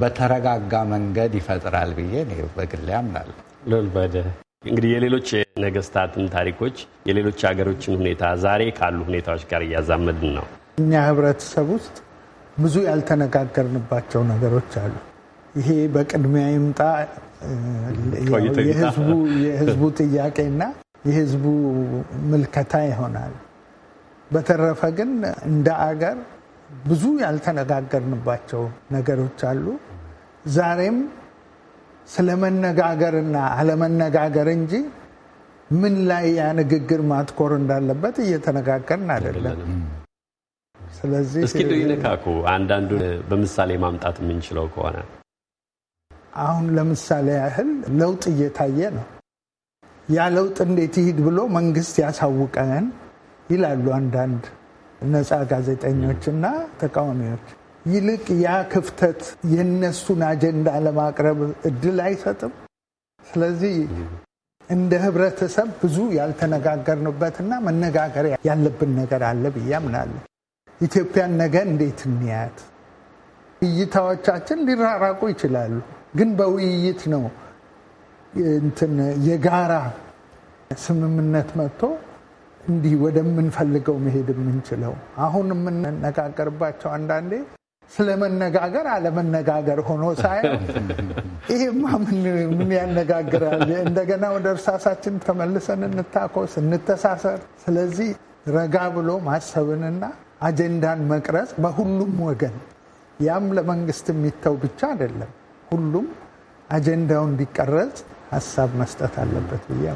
በተረጋጋ መንገድ ይፈጥራል ብዬ በግሌ አምናለሁ። ሎልበደ እንግዲህ የሌሎች ነገስታትን ታሪኮች የሌሎች ሀገሮችን ሁኔታ ዛሬ ካሉ ሁኔታዎች ጋር እያዛመድን ነው። እኛ ህብረተሰብ ውስጥ ብዙ ያልተነጋገርንባቸው ነገሮች አሉ። ይሄ በቅድሚያ ይምጣ የህዝቡ ጥያቄና የህዝቡ ምልከታ ይሆናል። በተረፈ ግን እንደ አገር ብዙ ያልተነጋገርንባቸው ነገሮች አሉ። ዛሬም ስለመነጋገርና አለመነጋገር እንጂ ምን ላይ ያ ንግግር ማትኮር እንዳለበት እየተነጋገርን አይደለም። ስለዚህ እስኪ አንዳንዱ በምሳሌ ማምጣት የምንችለው ከሆነ አሁን ለምሳሌ ያህል ለውጥ እየታየ ነው። ያ ለውጥ እንዴት ይሂድ ብሎ መንግስት ያሳውቀን ይላሉ አንዳንድ ነፃ ጋዜጠኞችና ተቃዋሚዎች። ይልቅ ያ ክፍተት የነሱን አጀንዳ ለማቅረብ እድል አይሰጥም። ስለዚህ እንደ ህብረተሰብ ብዙ ያልተነጋገርንበትና መነጋገር ያለብን ነገር አለ ብዬ አምናለሁ። ኢትዮጵያን ነገ እንዴት እንያት? እይታዎቻችን ሊራራቁ ይችላሉ። ግን በውይይት ነው እንትን የጋራ ስምምነት መጥቶ እንዲህ ወደምንፈልገው መሄድ የምንችለው። አሁን የምንነጋገርባቸው አንዳንዴ ስለመነጋገር አለመነጋገር ሆኖ ሳይ ይሄማ ምን ያነጋግራል? እንደገና ወደ እርሳሳችን ተመልሰን እንታኮስ፣ እንተሳሰር። ስለዚህ ረጋ ብሎ ማሰብንና አጀንዳን መቅረጽ በሁሉም ወገን ያም ለመንግስት የሚተው ብቻ አይደለም። ሁሉም አጀንዳው እንዲቀረጽ ሀሳብ መስጠት አለበት ብዬ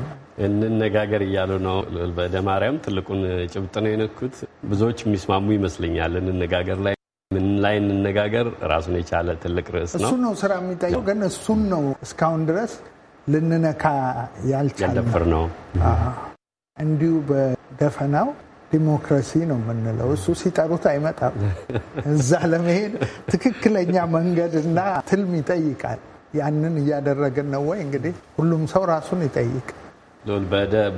እንነጋገር እያሉ ነው። በደማርያም ትልቁን ጭብጥ ነው የነኩት። ብዙዎች የሚስማሙ ይመስለኛል። እንነጋገር ላይ ምን ላይ እንነጋገር ራሱን የቻለ ትልቅ ርዕስ ነው። እሱ ነው ስራ የሚጠየው፣ ግን እሱን ነው እስካሁን ድረስ ልንነካ ያልቻልነው ነው። እንዲሁ በደፈናው ዲሞክራሲ ነው የምንለው እሱ ሲጠሩት አይመጣም። እዛ ለመሄድ ትክክለኛ መንገድና ትልም ይጠይቃል። ያንን እያደረግን ነው ወይ? እንግዲህ ሁሉም ሰው ራሱን ይጠይቅ።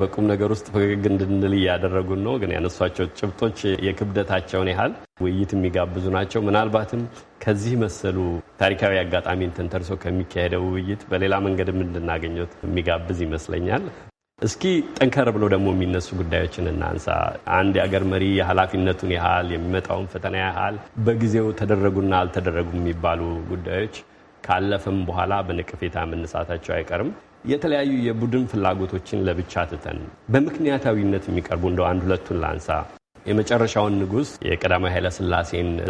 በቁም ነገር ውስጥ ፈገግ እንድንል እያደረጉን ነው። ግን ያነሷቸው ጭብጦች የክብደታቸውን ያህል ውይይት የሚጋብዙ ናቸው። ምናልባትም ከዚህ መሰሉ ታሪካዊ አጋጣሚን ተንተርሶ ከሚካሄደው ውይይት በሌላ መንገድም እንድናገኘት የሚጋብዝ ይመስለኛል። እስኪ ጠንከር ብሎ ደግሞ የሚነሱ ጉዳዮችን እናንሳ። አንድ የአገር መሪ የኃላፊነቱን ያህል የሚመጣውን ፈተና ያህል በጊዜው ተደረጉና አልተደረጉም የሚባሉ ጉዳዮች ካለፈም በኋላ በነቀፌታ መነሳታቸው አይቀርም። የተለያዩ የቡድን ፍላጎቶችን ለብቻ ትተን በምክንያታዊነት የሚቀርቡ እንደው አንድ ሁለቱን ላንሳ። የመጨረሻውን ንጉስ የቀዳማዊ ኃይለ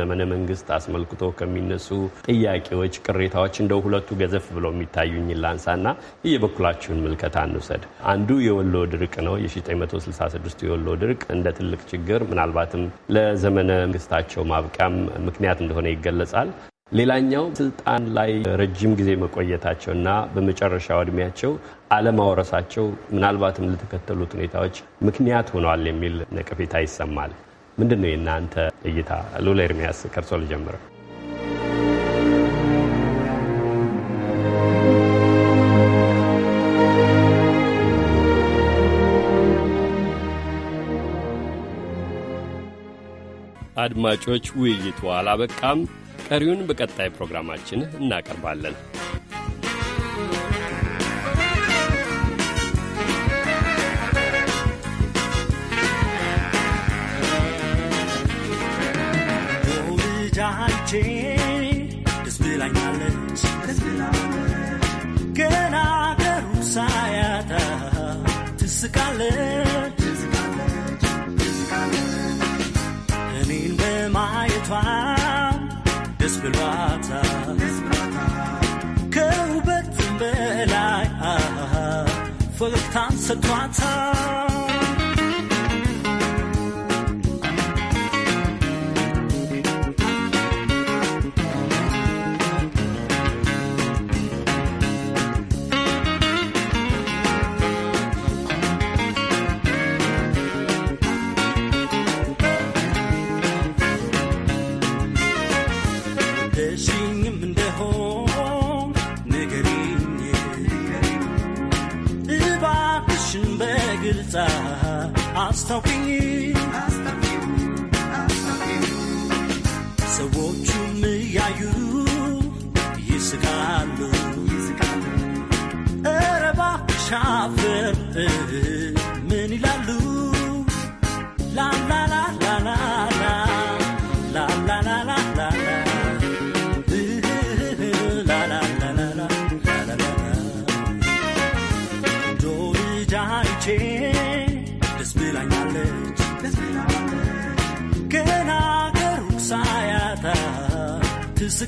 ዘመነ መንግስት አስመልክቶ ከሚነሱ ጥያቄዎች፣ ቅሬታዎች እንደው ሁለቱ ገዘፍ ብለው የሚታዩኝ ላንሳና የበኩላችሁን ምልከታ እንውሰድ። አንዱ የወሎ ድርቅ ነው። የ1966 የወሎ ድርቅ እንደ ትልቅ ችግር ምናልባትም ለዘመነ መንግስታቸው ማብቂያም ምክንያት እንደሆነ ይገለጻል። ሌላኛው ስልጣን ላይ ረጅም ጊዜ መቆየታቸውና በመጨረሻው እድሜያቸው አለማውረሳቸው ምናልባትም ለተከተሉት ሁኔታዎች ምክንያት ሆኗል የሚል ነቀፌታ ይሰማል። ምንድን ነው የእናንተ እይታ? ሉላ ኤርሚያስ ከርሶ ልጀምረ። አድማጮች ውይይቱ አላበቃም። ቀሪውን በቀጣይ ፕሮግራማችን እናቀርባለን። ትስቃለች እኔን በማየቷ ደስ ብሏታል ከውበትም በላይ ፈገግታን ሰጥቷታል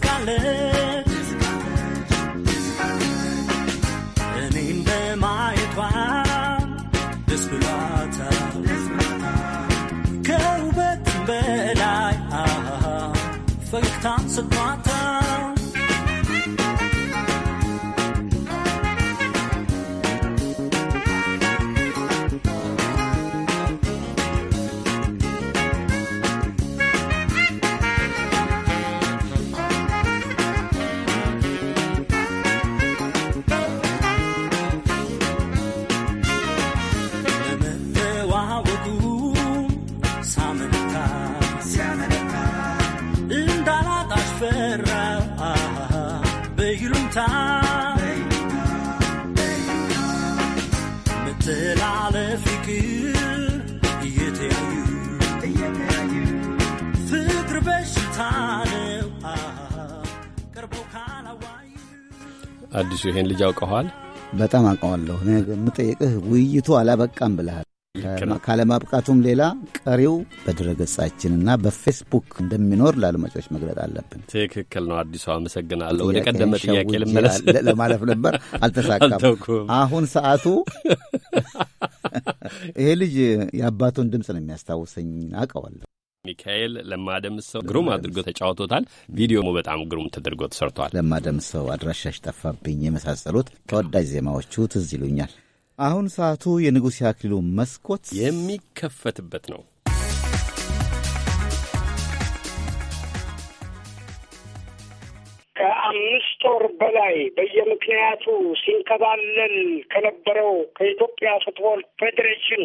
ትስቃለች እኔን በላይ ፈገግታን ስቷ አዲሱ ይሄን ልጅ አውቀኋል። በጣም አውቀዋለሁ። የምጠይቅህ ውይይቱ አላበቃም ብለሃል። ካለማብቃቱም ሌላ ቀሪው በድረገጻችንና በፌስቡክ እንደሚኖር ለአድማጮች መግለጥ አለብን። ትክክል ነው አዲሱ አመሰግናለሁ። ወደ ቀደመ ጥያቄ ልመለስ ለማለፍ ነበር፣ አልተሳካም። አሁን ሰዓቱ [laughs] ይሄ ልጅ የአባቱን ድምፅ ነው የሚያስታውሰኝ። አውቀዋለሁ ሚካኤል ለማደምሰው ግሩም አድርጎ ተጫውቶታል። ቪዲዮ በጣም ግሩም ተደርጎ ተሰርቷል። ለማደምሰው አድራሻሽ ጠፋብኝ የመሳሰሉት ተወዳጅ ዜማዎቹ ትዝ ይሉኛል። አሁን ሰዓቱ የንጉሴ አክሊሉ መስኮት የሚከፈትበት ነው። ከአምስት ወር በላይ በየምክንያቱ ሲንከባለል ከነበረው ከኢትዮጵያ ፉትቦል ፌዴሬሽን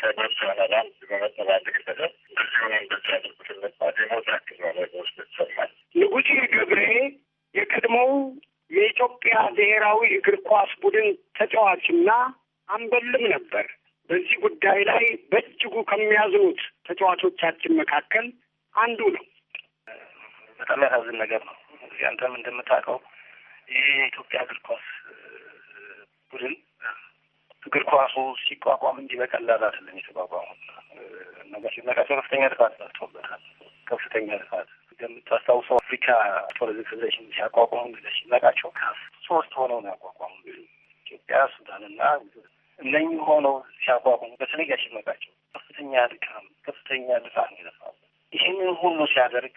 ከመርስ ገብሬ የቀድሞው የኢትዮጵያ ብሔራዊ እግር ኳስ ቡድን ተጫዋችና አንበልም ነበር። በዚህ ጉዳይ ላይ በእጅጉ ከሚያዝኑት ተጫዋቾቻችን መካከል አንዱ ነው። በጣም ያሳዝን ነገር ነው። እዚህ አንተም እንደምታውቀው ይህ የኢትዮጵያ እግር ኳስ ቡድን እግር ኳሱ ሲቋቋም እንዲህ በቀላል አይደለም የተቋቋሙ ነገር ሲመቃቸው ከፍተኛ ልፋት ሰርቶበታል። ከፍተኛ ልፋት እንደምታስታውሰው አፍሪካ ፖለቲክ ፌዴሬሽን ሲያቋቋሙ ጊዜ ሲነቃቸው ካፍ ሶስት ሆነው ነው ያቋቋሙ ኢትዮጵያ፣ ሱዳን ሱዳንና እነኚህ ሆነው ሲያቋቋሙ በተለይ ያሲመቃቸው ከፍተኛ ድካም፣ ከፍተኛ ልፋት ነው የለፋው። ይህንን ሁሉ ሲያደርግ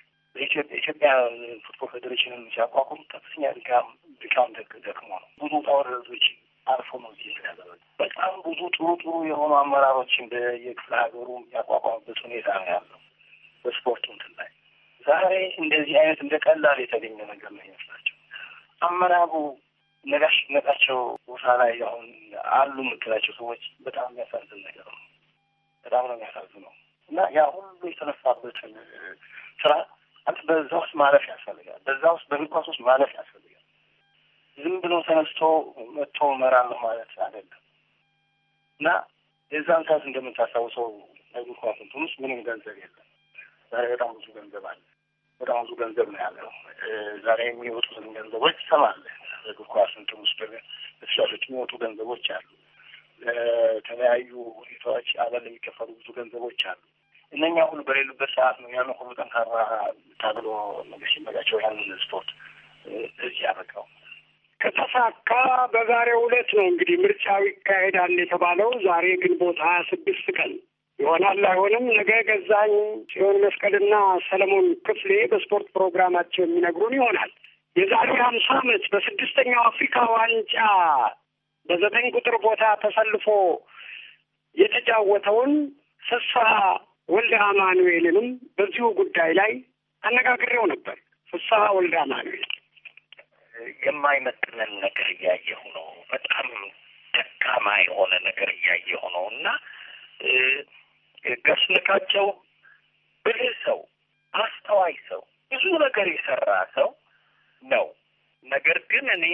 ኢትዮጵያ ፉትቦል ፌዴሬሽንን ሲያቋቁም ከፍተኛ ድካም ድካም ደክሞ ነው ብዙ ውጣ አርፎ ነው መውሰድ ያለበት። በጣም ብዙ ጥሩ ጥሩ የሆኑ አመራሮችን በየክፍለ ሀገሩ የሚያቋቋሙበት ሁኔታ ነው ያለው። በስፖርቱ እንትን ላይ ዛሬ እንደዚህ አይነት እንደ ቀላል የተገኘ ነገር ነው ይመስላቸው። አመራሩ ነጋሽነታቸው ቦታ ላይ አሁን አሉ የምትላቸው ሰዎች በጣም የሚያሳዝን ነገር ነው። በጣም ነው የሚያሳዝነው እና ያ ሁሉ የተነፋበትን ስራ አንተ በዛ ውስጥ ማለፍ ያስፈልጋል። በዛ ውስጥ በሚጓስ ውስጥ ማለፍ ያስፈልጋል። ዝም ብሎ ተነስቶ መጥቶ መራመር ማለት አይደለም እና የዛን ሰዓት እንደምታስታውሰው እግር ኳስ እንትን ውስጥ ምንም ገንዘብ የለም። ዛሬ በጣም ብዙ ገንዘብ አለ። በጣም ብዙ ገንዘብ ነው ያለው። ዛሬ የሚወጡትን ገንዘቦች ትሰማለህ። እግር ኳስ እንትን ውስጥ በተጫዋቾች የሚወጡ ገንዘቦች አሉ። ለተለያዩ ሁኔታዎች አበል የሚከፈሉ ብዙ ገንዘቦች አሉ። እነኛ ሁሉ በሌሉበት ሰዓት ነው ያን ሁሉ ጠንካራ ታግሎ ነገር ሲመጋቸው ያንን ስፖርት እዚህ ያበቃው። ከተሳካ በዛሬው ዕለት ነው እንግዲህ ምርጫው ይካሄዳል የተባለው። ዛሬ ግንቦት ሀያ ስድስት ቀን ይሆናል አይሆንም። ነገ ገዛኝ ጽዮን መስቀልና ሰለሞን ክፍሌ በስፖርት ፕሮግራማቸው የሚነግሩን ይሆናል። የዛሬ ሀምሳ ዓመት በስድስተኛው አፍሪካ ዋንጫ በዘጠኝ ቁጥር ቦታ ተሰልፎ የተጫወተውን ፍስሐ ወልደ አማኑኤልንም በዚሁ ጉዳይ ላይ አነጋግሬው ነበር። ፍስሐ ወልደ አማኑኤል የማይመጥነን ነገር እያየሁ ነው። በጣም ደካማ የሆነ ነገር እያየሁ ነው እና ገስልካቸው ብልህ ሰው፣ አስተዋይ ሰው፣ ብዙ ነገር የሰራ ሰው ነው። ነገር ግን እኔ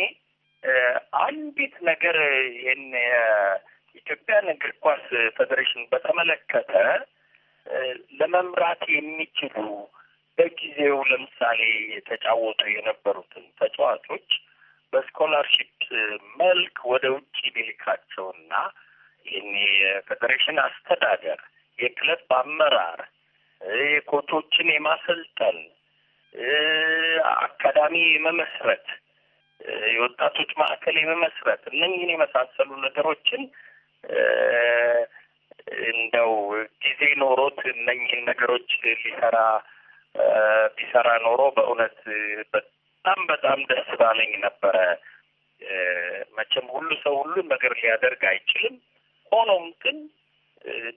አንዲት ነገር ይህን የኢትዮጵያን እግር ኳስ ፌዴሬሽን በተመለከተ ለመምራት የሚችሉ በጊዜው ለምሳሌ የተጫወቱ የነበሩትን ተጫዋቾች በስኮላርሺፕ መልክ ወደ ውጭ ቢልካቸውና ይህን የፌዴሬሽን አስተዳደር የክለብ አመራር የኮቾችን የማሰልጠን አካዳሚ የመመስረት የወጣቶች ማዕከል የመመስረት እነኝህን የመሳሰሉ ነገሮችን እንደው ጊዜ ኖሮት እነኝህን ነገሮች ሊሰራ ቢሰራ ኖሮ በእውነት በጣም በጣም ደስ ባለኝ ነበረ። መቼም ሁሉ ሰው ሁሉን ነገር ሊያደርግ አይችልም። ሆኖም ግን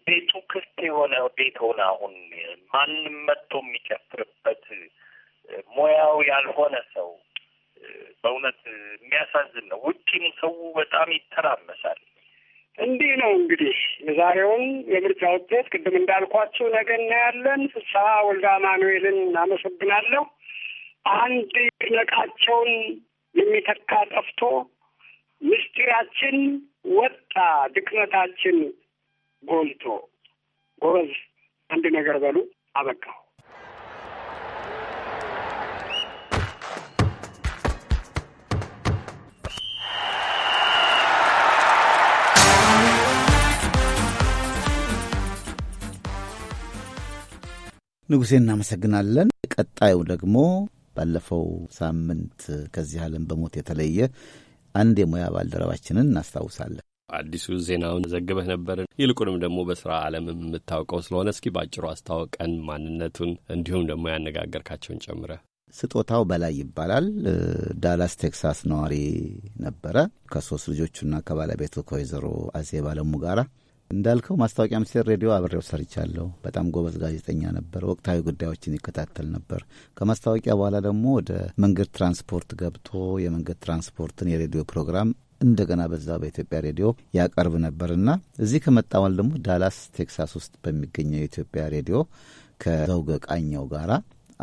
ቤቱ ክፍት የሆነ ቤት ሆነ አሁን ማንም መጥቶ የሚጨፍርበት ሙያው ያልሆነ ሰው በእውነት የሚያሳዝን ነው። ውጪም ሰው በጣም ይተራመሳል። እንዲህ ነው እንግዲህ የዛሬውን የምርጫ ውጤት ቅድም እንዳልኳቸው ነገ እናያለን። ፍስሐ ወልደ አማኑኤልን አመሰግናለሁ። አንድ ነቃቸውን የሚተካ ጠፍቶ ምስጢራችን ወጣ ድክመታችን ጎልቶ። ጎበዝ አንድ ነገር በሉ። አበቃሁ። ንጉሴ እናመሰግናለን። ቀጣዩ ደግሞ ባለፈው ሳምንት ከዚህ ዓለም በሞት የተለየ አንድ የሙያ ባልደረባችንን እናስታውሳለን። አዲሱ ዜናውን ዘግበህ ነበር። ይልቁንም ደግሞ በስራ ዓለም የምታውቀው ስለሆነ እስኪ ባጭሩ አስታውቀን ማንነቱን፣ እንዲሁም ደግሞ ያነጋገርካቸውን ጨምረ። ስጦታው በላይ ይባላል። ዳላስ ቴክሳስ ነዋሪ ነበረ ከሶስት ልጆቹና ከባለቤቱ ከወይዘሮ አጼ ባለሙ ጋራ እንዳልከው ማስታወቂያ ሚኒስቴር ሬዲዮ አብሬው ሰርቻለሁ። በጣም ጎበዝ ጋዜጠኛ ነበር። ወቅታዊ ጉዳዮችን ይከታተል ነበር። ከማስታወቂያ በኋላ ደግሞ ወደ መንገድ ትራንስፖርት ገብቶ የመንገድ ትራንስፖርትን የሬዲዮ ፕሮግራም እንደገና በዛ በኢትዮጵያ ሬዲዮ ያቀርብ ነበርና እዚህ ከመጣዋል ደግሞ ዳላስ ቴክሳስ ውስጥ በሚገኘው የኢትዮጵያ ሬዲዮ ከዘውገ ቃኘው ጋራ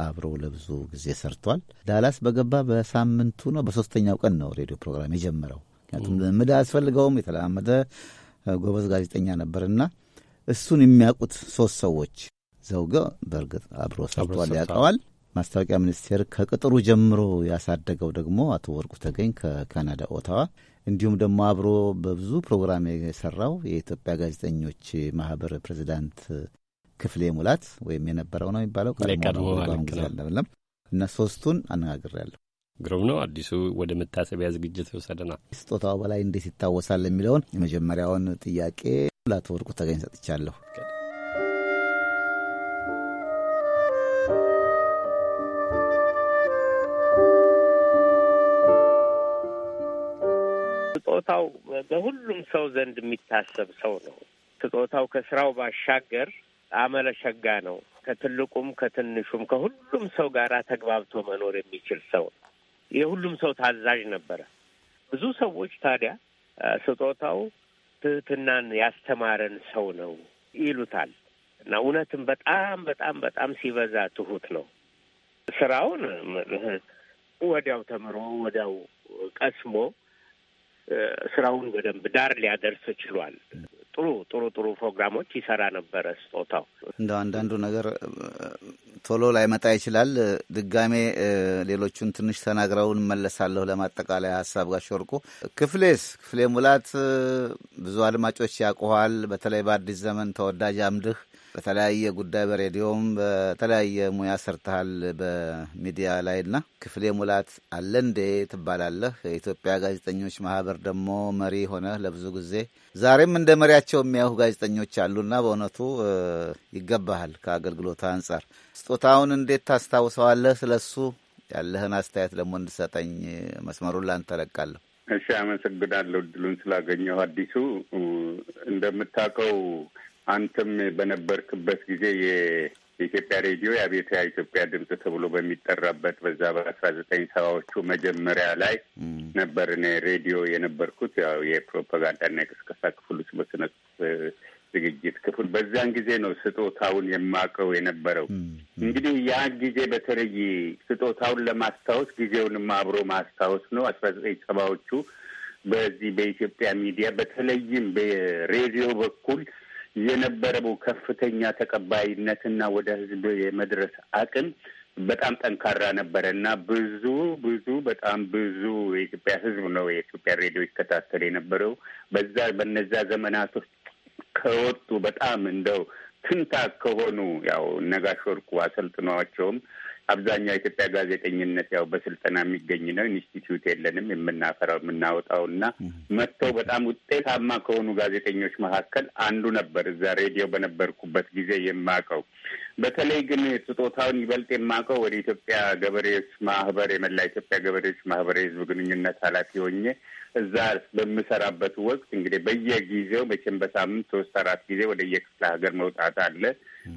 አብሮ ለብዙ ጊዜ ሰርቷል። ዳላስ በገባ በሳምንቱ ነው፣ በሶስተኛው ቀን ነው ሬዲዮ ፕሮግራም የጀመረው። ምክንያቱም ልምድ አያስፈልገውም የተለመደ ጎበዝ ጋዜጠኛ ነበርና እሱን የሚያውቁት ሶስት ሰዎች ዘውገ በእርግጥ አብሮ ሰርቷል፣ ያውቀዋል። ማስታወቂያ ሚኒስቴር ከቅጥሩ ጀምሮ ያሳደገው ደግሞ አቶ ወርቁ ተገኝ ከካናዳ ኦታዋ፣ እንዲሁም ደግሞ አብሮ በብዙ ፕሮግራም የሰራው የኢትዮጵያ ጋዜጠኞች ማህበር ፕሬዚዳንት ክፍሌ ሙላት ወይም የነበረው ነው የሚባለው ቀድሞ ያለም እና ሶስቱን አነጋግሬያለሁ። ግሩም ነው። አዲሱ ወደ መታሰቢያ ዝግጅት ይወሰደናል። ስጦታው በላይ እንዴት ይታወሳል የሚለውን የመጀመሪያውን ጥያቄ ለአቶ ወርቁ ተገኝ ሰጥቻለሁ። ስጦታው በሁሉም ሰው ዘንድ የሚታሰብ ሰው ነው። ስጦታው ከስራው ባሻገር አመለ ሸጋ ነው። ከትልቁም ከትንሹም ከሁሉም ሰው ጋር ተግባብቶ መኖር የሚችል ሰው ነው። የሁሉም ሰው ታዛዥ ነበረ። ብዙ ሰዎች ታዲያ ስጦታው ትህትናን ያስተማረን ሰው ነው ይሉታል እና እውነትም በጣም በጣም በጣም ሲበዛ ትሁት ነው። ስራውን ወዲያው ተምሮ ወዲያው ቀስሞ ስራውን በደንብ ዳር ሊያደርስ ችሏል። ጥሩ ጥሩ ጥሩ ፕሮግራሞች ይሰራ ነበረ። ስጦታው እንደው አንዳንዱ ነገር ቶሎ ላይመጣ ይችላል። ድጋሜ ሌሎቹን ትንሽ ተናግረው እንመለሳለሁ። ለማጠቃለያ ሀሳብ ጋር ሾርቁ ክፍሌስ ክፍሌ ሙላት ብዙ አድማጮች ያውቁኋል። በተለይ በአዲስ ዘመን ተወዳጅ አምድህ በተለያየ ጉዳይ በሬዲዮም በተለያየ ሙያ ሰርተሃል፣ በሚዲያ ላይና ክፍሌ ሙላት እንዴ ትባላለህ። የኢትዮጵያ ጋዜጠኞች ማህበር ደግሞ መሪ ሆነ ለብዙ ጊዜ ዛሬም እንደ መሪያቸው የሚያዩ ጋዜጠኞች አሉና በእውነቱ ይገባሃል። ከአገልግሎት አንጻር ስጦታውን እንዴት ታስታውሰዋለህ? ስለሱ ያለህን አስተያየት ደግሞ እንድሰጠኝ መስመሩን ላንተ እሺ፣ አመሰግናለሁ እድሉን ስላገኘሁ። አዲሱ እንደምታውቀው አንተም በነበርክበት ጊዜ የኢትዮጵያ ሬዲዮ የአብዮታ ኢትዮጵያ ድምጽ ተብሎ በሚጠራበት በዛ በአስራ ዘጠኝ ሰባዎቹ መጀመሪያ ላይ ነበር እኔ ሬዲዮ የነበርኩት ያው የፕሮፓጋንዳና የቅስቀሳ ክፍል ውስጥ በስነ ዝግጅት ክፍል በዛን ጊዜ ነው ስጦታውን የማውቀው የነበረው። እንግዲህ ያ ጊዜ በተለይ ስጦታውን ለማስታወስ ጊዜውንም አብሮ ማስታወስ ነው። አስራ ዘጠኝ ሰባዎቹ በዚህ በኢትዮጵያ ሚዲያ በተለይም በሬዲዮ በኩል የነበረው ከፍተኛ ተቀባይነትና ወደ ህዝብ የመድረስ አቅም በጣም ጠንካራ ነበረ እና ብዙ ብዙ በጣም ብዙ የኢትዮጵያ ህዝብ ነው የኢትዮጵያ ሬዲዮ ይከታተል የነበረው። በዛ በነዛ ዘመናት ውስጥ ከወጡ በጣም እንደው ትንታ ከሆኑ ያው ነጋሽ ወርቁ አሰልጥኗቸውም አብዛኛው ኢትዮጵያ ጋዜጠኝነት ያው በስልጠና የሚገኝ ነው። ኢንስቲትዩት የለንም የምናፈራው የምናወጣው እና መጥተው በጣም ውጤታማ ከሆኑ ጋዜጠኞች መካከል አንዱ ነበር። እዛ ሬዲዮ በነበርኩበት ጊዜ የማውቀው በተለይ ግን ስጦታውን ይበልጥ የማውቀው ወደ ኢትዮጵያ ገበሬዎች ማህበር የመላ ኢትዮጵያ ገበሬዎች ማህበር የህዝብ ግንኙነት ኃላፊ ሆኜ እዛ በምሰራበት ወቅት እንግዲህ በየጊዜው መቼም በሳምንት ሶስት አራት ጊዜ ወደ የክፍለ ሀገር መውጣት አለ።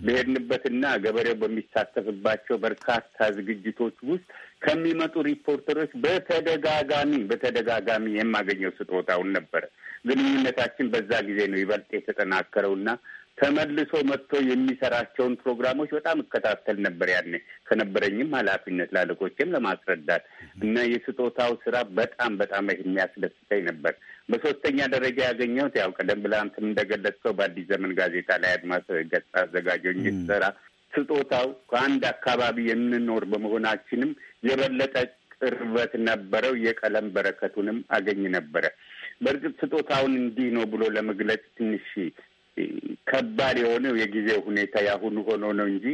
በሄድንበትና ገበሬው በሚሳተፍባቸው በርካታ ዝግጅቶች ውስጥ ከሚመጡ ሪፖርተሮች በተደጋጋሚ በተደጋጋሚ የማገኘው ስጦታውን ነበረ። ግንኙነታችን በዛ ጊዜ ነው ይበልጥ የተጠናከረውና ተመልሶ መጥቶ የሚሰራቸውን ፕሮግራሞች በጣም እከታተል ነበር። ያኔ ከነበረኝም ኃላፊነት ላለቆቼም ለማስረዳት እና የስጦታው ስራ በጣም በጣም የሚያስደስተኝ ነበር። በሶስተኛ ደረጃ ያገኘሁት ያው ቀደም ብለህ አንተም እንደገለጽከው በአዲስ ዘመን ጋዜጣ ላይ አድማስ ገጽ አዘጋጆኝ ስራ ስጦታው ከአንድ አካባቢ የምንኖር በመሆናችንም የበለጠ ቅርበት ነበረው። የቀለም በረከቱንም አገኝ ነበረ። በእርግጥ ስጦታውን እንዲህ ነው ብሎ ለመግለጽ ትንሽ ከባድ የሆነው የጊዜው ሁኔታ ያሁኑ ሆኖ ነው እንጂ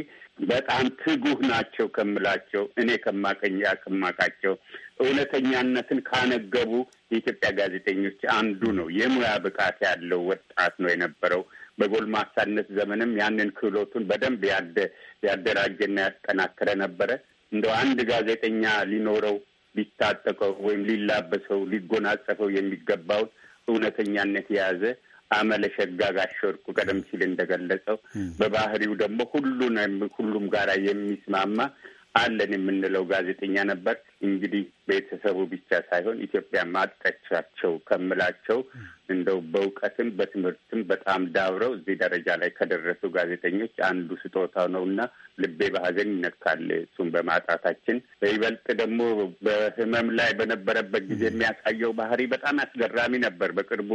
በጣም ትጉህ ናቸው ከምላቸው እኔ ከማቀኝ ከማቃቸው እውነተኛነትን ካነገቡ የኢትዮጵያ ጋዜጠኞች አንዱ ነው። የሙያ ብቃት ያለው ወጣት ነው የነበረው። በጎልማሳነት ዘመንም ያንን ክህሎቱን በደንብ ያደራጀና ያጠናከረ ነበረ። እንደው አንድ ጋዜጠኛ ሊኖረው ሊታጠቀው ወይም ሊላበሰው ሊጎናጸፈው የሚገባውን እውነተኛነት የያዘ አመለሸጋ ጋሽ ቀደም ሲል እንደገለጸው በባህሪው ደግሞ ሁሉን ሁሉም ጋራ የሚስማማ አለን የምንለው ጋዜጠኛ ነበር። እንግዲህ ቤተሰቡ ብቻ ሳይሆን ኢትዮጵያ ማጥቀቻቸው ከምላቸው እንደው በእውቀትም በትምህርትም በጣም ዳብረው እዚህ ደረጃ ላይ ከደረሱ ጋዜጠኞች አንዱ ስጦታው ነው እና ልቤ በሀዘን ይነካል እሱም በማጣታችን። በይበልጥ ደግሞ በህመም ላይ በነበረበት ጊዜ የሚያሳየው ባህሪ በጣም አስገራሚ ነበር። በቅርቡ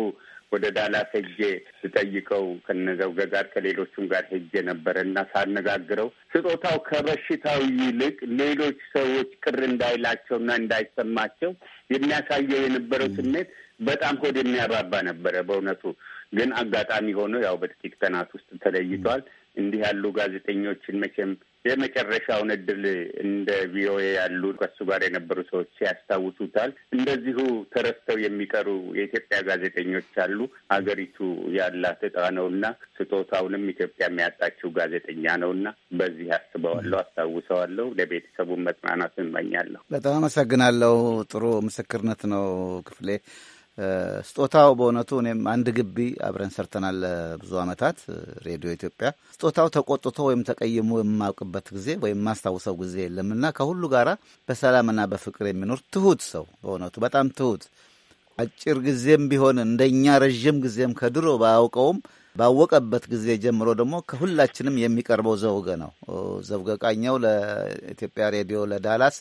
ወደ ዳላስ ሄጄ ስጠይቀው ከነዘውገ ጋር ከሌሎቹም ጋር ሄጄ ነበረ እና ሳነጋግረው ስጦታው ከበሽታው ይልቅ ሌሎች ሰዎች ቅር እንዳይላቸው እና እንዳይሰማቸው የሚያሳየው የነበረው ስሜት በጣም ሆድ የሚያባባ ነበረ። በእውነቱ ግን አጋጣሚ ሆኖ ያው በጥቂት ቀናት ውስጥ ተለይቷል። እንዲህ ያሉ ጋዜጠኞችን መቼም የመጨረሻውን እድል እንደ ቪኦኤ ያሉ ከሱ ጋር የነበሩ ሰዎች ያስታውሱታል። እንደዚሁ ተረስተው የሚቀሩ የኢትዮጵያ ጋዜጠኞች አሉ። ሀገሪቱ ያላት እጣ ነውና ስጦታውንም ኢትዮጵያ የሚያጣችው ጋዜጠኛ ነውና በዚህ አስበዋለሁ፣ አስታውሰዋለሁ። ለቤተሰቡን መጽናናት እመኛለሁ። በጣም አመሰግናለሁ። ጥሩ ምስክርነት ነው ክፍሌ። ስጦታው በእውነቱ እኔም አንድ ግቢ አብረን ሰርተናል ለብዙ ዓመታት ሬዲዮ ኢትዮጵያ። ስጦታው ተቆጥቶ ወይም ተቀይሞ የማውቅበት ጊዜ ወይም የማስታውሰው ጊዜ የለምና ከሁሉ ጋራ በሰላምና በፍቅር የሚኖር ትሁት ሰው በእውነቱ በጣም ትሁት አጭር ጊዜም ቢሆን እንደኛ ረዥም ጊዜም ከድሮ ባያውቀውም ባወቀበት ጊዜ ጀምሮ ደግሞ ከሁላችንም የሚቀርበው ዘውገ ነው። ዘውገ ቃኘው ለኢትዮጵያ ሬዲዮ ለዳላስ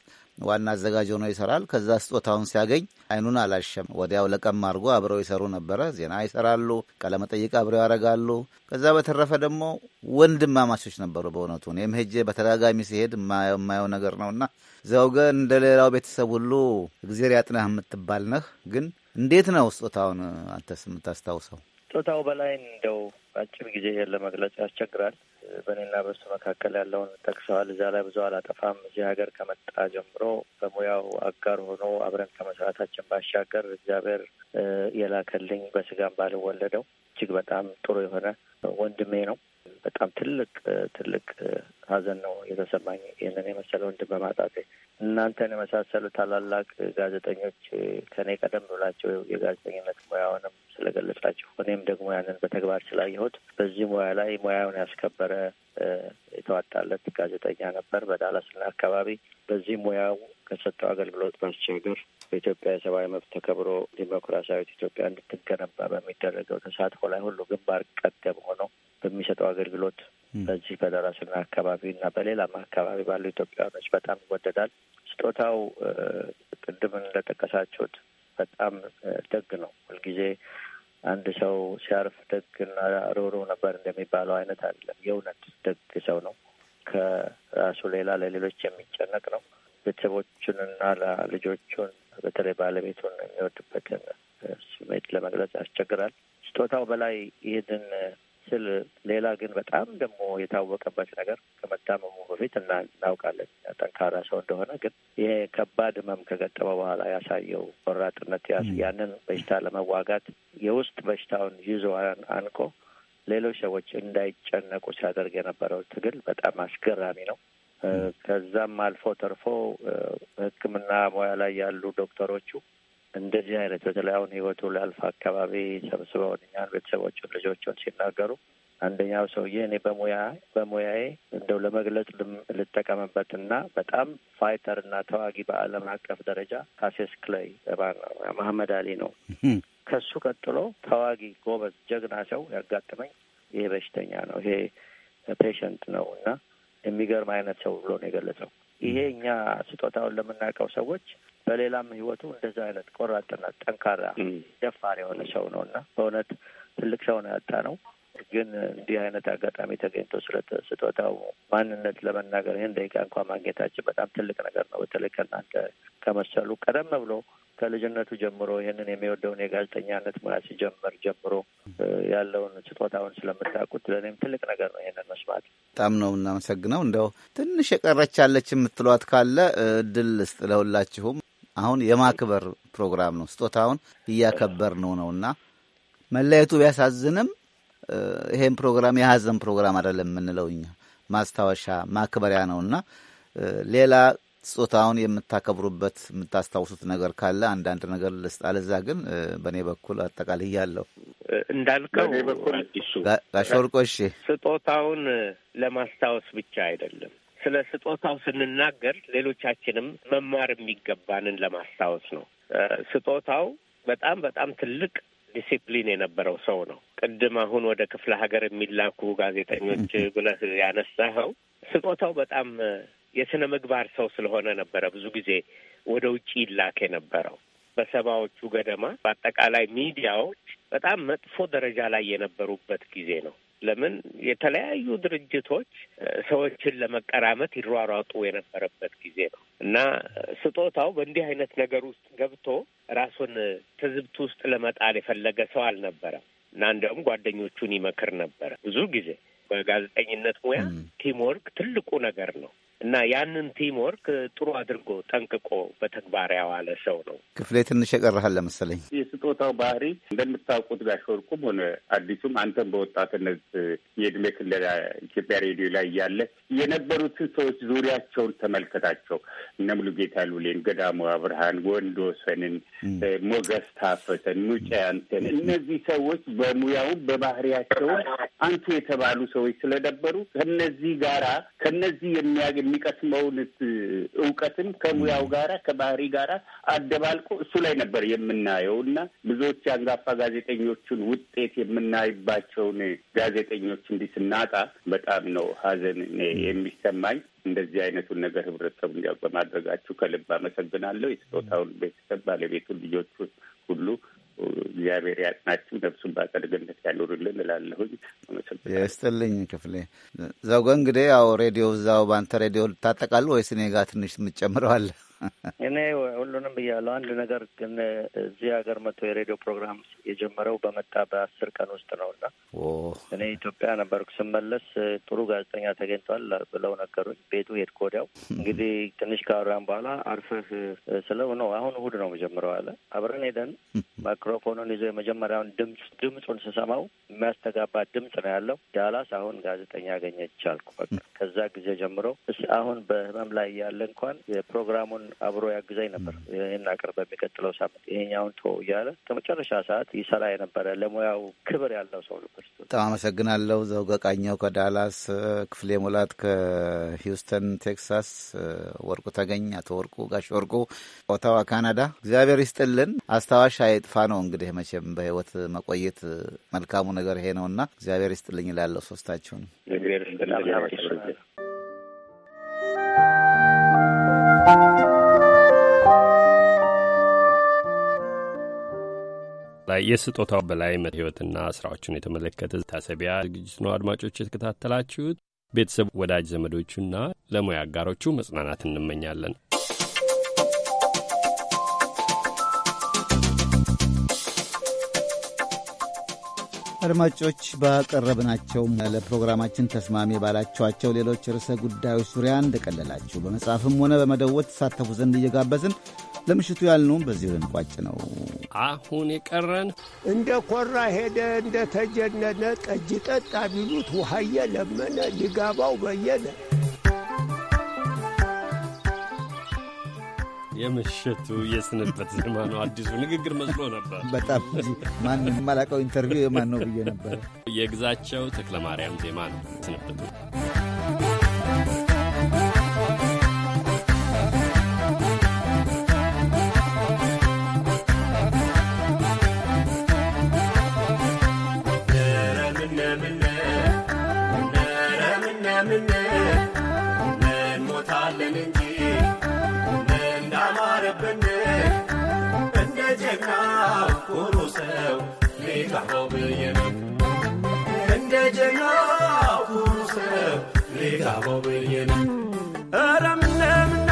ዋና አዘጋጅ ሆኖ ይሰራል። ከዛ ስጦታውን ሲያገኝ አይኑን አላሸም። ወዲያው ለቀም አድርጎ አብረው ይሰሩ ነበረ። ዜና ይሰራሉ፣ ቃለመጠይቅ አብረው ያደርጋሉ። ከዛ በተረፈ ደግሞ ወንድማማቾች ነበሩ። በእውነቱ እኔም ሄጄ በተደጋጋሚ ሲሄድ የማየው ነገር እና ዘውገ እንደ ሌላው ቤተሰብ ሁሉ እግዜር ያጥነህ የምትባል ነህ። ግን እንዴት ነው ስጦታውን አንተስ የምታስታውሰው? ጾታው በላይ እንደው አጭር ጊዜ ለመግለጽ ያስቸግራል። በእኔና በሱ መካከል ያለውን ጠቅሰዋል። እዛ ላይ ብዙ አላጠፋም። እዚህ ሀገር ከመጣ ጀምሮ በሙያው አጋር ሆኖ አብረን ከመስራታችን ባሻገር እግዚአብሔር የላከልኝ በስጋም ባልወለደው እጅግ በጣም ጥሩ የሆነ ወንድሜ ነው። በጣም ትልቅ ትልቅ ሀዘን ነው የተሰማኝ ይህንን የመሰለ ወንድም በማጣቴ። እናንተን የመሳሰሉ ታላላቅ ጋዜጠኞች ከኔ ቀደም ብላቸው የጋዜጠኝነት ሙያውንም ስለገለጻቸው እኔም ደግሞ ያንን በተግባር ስላየሁት በዚህ ሙያ ላይ ሙያውን ያስከበረ የተዋጣለት ጋዜጠኛ ነበር በዳላስና አካባቢ በዚህ ሙያው ከሰጠው አገልግሎት ባሻገር በኢትዮጵያ የሰብአዊ መብት ተከብሮ ዲሞክራሲያዊት ኢትዮጵያ እንድትገነባ በሚደረገው ተሳትፎ ላይ ሁሉ ግንባር ቀደም ሆኖ በሚሰጠው አገልግሎት በዚህ በደራስና አካባቢ እና በሌላም አካባቢ ባሉ ኢትዮጵያውያኖች በጣም ይወደዳል። ስጦታው ቅድም እንደጠቀሳችሁት በጣም ደግ ነው። ሁልጊዜ አንድ ሰው ሲያርፍ ደግና ሩሩ ነበር እንደሚባለው አይነት አይደለም። የእውነት ደግ ሰው ነው። ከራሱ ሌላ ለሌሎች የሚጨነቅ ነው። ቤተሰቦቹንና ለልጆቹን በተለይ ባለቤቱን የሚወድበትን ስሜት ለመግለጽ ያስቸግራል። ስጦታው በላይ ይህንን ስል ሌላ ግን በጣም ደግሞ የታወቀበት ነገር ከመታመሙ በፊት እና እናውቃለን ጠንካራ ሰው እንደሆነ ግን ይሄ ከባድ ህመም ከገጠመ በኋላ ያሳየው ወራጥነት ያንን በሽታ ለመዋጋት የውስጥ በሽታውን ይዞ አንቆ ሌሎች ሰዎች እንዳይጨነቁ ሲያደርግ የነበረው ትግል በጣም አስገራሚ ነው። ከዛም አልፎ ተርፎ ሕክምና ሙያ ላይ ያሉ ዶክተሮቹ እንደዚህ አይነት በተለይ አሁን ህይወቱ ላልፍ አካባቢ ሰብስበውን እኛን ቤተሰቦችን ልጆችን ሲናገሩ አንደኛው ሰውዬ እኔ በሙያ በሙያዬ እንደው ለመግለጽ ልጠቀምበትና በጣም ፋይተር እና ተዋጊ በዓለም አቀፍ ደረጃ ካሴስ ክለይ መሐመድ አሊ ነው። ከሱ ቀጥሎ ተዋጊ ጎበዝ ጀግና ሰው ያጋጥመኝ ይሄ በሽተኛ ነው፣ ይሄ ፔሸንት ነው እና የሚገርም አይነት ሰው ብሎ ነው የገለጸው። ይሄ እኛ ስጦታውን ለምናውቀው ሰዎች በሌላም ህይወቱ እንደዛ አይነት ቆራጥነት፣ ጠንካራ፣ ደፋር የሆነ ሰው ነው እና በእውነት ትልቅ ሰው ነው ያጣ ነው። ግን እንዲህ አይነት አጋጣሚ ተገኝቶ ስለ ስጦታው ማንነት ለመናገር ይህን ደቂቃ እንኳ ማግኘታችን በጣም ትልቅ ነገር ነው። በተለይ ከእናንተ ከመሰሉ ቀደም ብሎ ከልጅነቱ ጀምሮ ይህንን የሚወደውን የጋዜጠኛነት ሙያ ሲጀምር ጀምሮ ያለውን ስጦታውን ስለምታውቁት ለእኔም ትልቅ ነገር ነው ይህንን መስማት። በጣም ነው እናመሰግነው። እንደው ትንሽ የቀረች ያለች የምትሏት ካለ እድል ስጥ ለሁላችሁም። አሁን የማክበር ፕሮግራም ነው፣ ስጦታውን እያከበር ነው ነው እና መለየቱ ቢያሳዝንም ይሄን ፕሮግራም የሀዘን ፕሮግራም አይደለም የምንለው እኛ ማስታወሻ ማክበሪያ ነውና ሌላ ጾታውን የምታከብሩበት የምታስታውሱት ነገር ካለ አንዳንድ ነገር ልስጥ። አለዛ ግን በእኔ በኩል አጠቃላይ ያለው እንዳልከው እሺ፣ ስጦታውን ለማስታወስ ብቻ አይደለም። ስለ ስጦታው ስንናገር ሌሎቻችንም መማር የሚገባንን ለማስታወስ ነው። ስጦታው በጣም በጣም ትልቅ ዲሲፕሊን የነበረው ሰው ነው። ቅድም አሁን ወደ ክፍለ ሀገር የሚላኩ ጋዜጠኞች ብለህ ያነሳኸው ስጦታው በጣም የስነ ምግባር ሰው ስለሆነ ነበረ ብዙ ጊዜ ወደ ውጭ ይላክ የነበረው በሰባዎቹ ገደማ በአጠቃላይ ሚዲያዎች በጣም መጥፎ ደረጃ ላይ የነበሩበት ጊዜ ነው። ለምን የተለያዩ ድርጅቶች ሰዎችን ለመቀራመት ይሯሯጡ የነበረበት ጊዜ ነው እና ስጦታው በእንዲህ አይነት ነገር ውስጥ ገብቶ ራሱን ትዝብት ውስጥ ለመጣል የፈለገ ሰው አልነበረም እና እንዲያውም ጓደኞቹን ይመክር ነበረ ብዙ ጊዜ በጋዜጠኝነት ሙያ ቲም ወርክ ትልቁ ነገር ነው እና ያንን ቲም ወርክ ጥሩ አድርጎ ጠንቅቆ በተግባር ያዋለ ሰው ነው። ክፍሌ ትንሽ የቀረሃል ለመሰለኝ የስጦታው ባህሪ እንደምታውቁት ጋሽ ሆነ አዲሱም አንተም በወጣትነት የእድሜ ክልል ኢትዮጵያ ሬዲዮ ላይ እያለ የነበሩት ሰዎች ዙሪያቸውን ተመልከታቸው። እነ ሙሉጌታ ሉሌን፣ ገዳሙ አብርሃን፣ ወንድወሰንን፣ ሞገስ ታፈተን፣ ሙጬ አንተን እነዚህ ሰዎች በሙያውም በባህሪያቸውን አንቱ የተባሉ ሰዎች ስለነበሩ ከነዚህ ጋራ ከነዚህ የሚያገ የሚቀስመውን እውቀትም ከሙያው ጋር ከባህሪ ጋር አደባልቆ እሱ ላይ ነበር የምናየው እና ብዙዎች የአንጋፋ ጋዜጠኞቹን ውጤት የምናይባቸውን ጋዜጠኞች እንዲህ ስናጣ በጣም ነው ሀዘን የሚሰማኝ። እንደዚህ አይነቱን ነገር ህብረተሰቡ እንዲያውቅ በማድረጋችሁ ከልብ አመሰግናለሁ። የስጦታውን ቤተሰብ ባለቤቱን ልጆቹን ሁሉ እግዚአብሔር ያጥናችሁ ነፍሱን በአጸደ ገነት ያኖርልን እላለሁኝ። ይስጥልኝ ክፍሌ ዘውገ። እንግዲህ ያው ሬዲዮ እዛው በአንተ ሬዲዮ ልታጠቃሉ ወይስ እኔ ጋ ትንሽ የምትጨምረዋለህ? እኔ ሁሉንም ብያለሁ። አንድ ነገር ግን እዚህ ሀገር መጥቶ የሬዲዮ ፕሮግራም የጀመረው በመጣ በአስር ቀን ውስጥ ነው እና እኔ ኢትዮጵያ ነበርኩ። ስመለስ ጥሩ ጋዜጠኛ ተገኝቷል ብለው ነገሩኝ። ቤቱ ሄድኩ ወዲያው። እንግዲህ ትንሽ ካወራን በኋላ አርፈህ ስለው ነው አሁን እሁድ ነው መጀመሪያው አለ። አብረን ሄደን ማይክሮፎኑን ይዞ የመጀመሪያውን ድምፅ ድምፁን ስሰማው የሚያስተጋባ ድምፅ ነው ያለው። ዳላስ አሁን ጋዜጠኛ ያገኘች አልኩ። በቃ ከዛ ጊዜ ጀምሮ አሁን በህመም ላይ ያለ እንኳን የፕሮግራሙን አብሮ ያግዘኝ ነበር። ይህን አቅርብ በሚቀጥለው ሳምንት ይሄኛውን ቶ እያለ ከመጨረሻ ሰዓት ይሰራ የነበረ ለሙያው ክብር ያለው ሰው ነበር። በጣም አመሰግናለሁ። ዘውገ ቃኘው ከዳላስ፣ ክፍሌ ሙላት ከሂውስተን ቴክሳስ፣ ወርቁ ተገኝ፣ አቶ ወርቁ ጋሽ ወርቁ ኦታዋ ካናዳ። እግዚአብሔር ይስጥልን። አስታዋሽ አይጥፋ ነው እንግዲህ መቼም በህይወት መቆየት መልካሙ ነገር ይሄ ነውና እግዚአብሔር ይስጥልኝ ላለው ሶስታችሁን። እግዚአብሔር ይስጥልኝ። የስጦታው በላይ ህይወትና ስራዎቹን የተመለከተ ታሰቢያ ዝግጅት ነው። አድማጮች የተከታተላችሁት ቤተሰብ፣ ወዳጅ ዘመዶቹና ለሙያ አጋሮቹ መጽናናት እንመኛለን። አድማጮች ባቀረብናቸው ለፕሮግራማችን ተስማሚ ባላችኋቸው ሌሎች ርዕሰ ጉዳዮች ዙሪያ እንደቀለላችሁ በመጻፍም ሆነ በመደወት ሳተፉ ዘንድ እየጋበዝን ለምሽቱ ያልነውም በዚህ ልንቋጭ ነው። አሁን የቀረን እንደ ኮራ ሄደ እንደ ተጀነነ ጠጅ ጠጣ ቢሉት ውሃየ ለመነ ሊጋባው በየነ የምሽቱ የስንበት ዜማ ነው። አዲሱ ንግግር መስሎ ነበር። በጣም ማንም የማላውቀው ኢንተርቪው የማን ነው ብዬ ነበር። የግዛቸው ተክለማርያም ዜማ ነው ስንበቱ ኩሩ ሰው ሊጋው ብዬ ነው እንደ ጀና ኩሩ ሰው ሊጋው ብዬ ነው ረምለምነ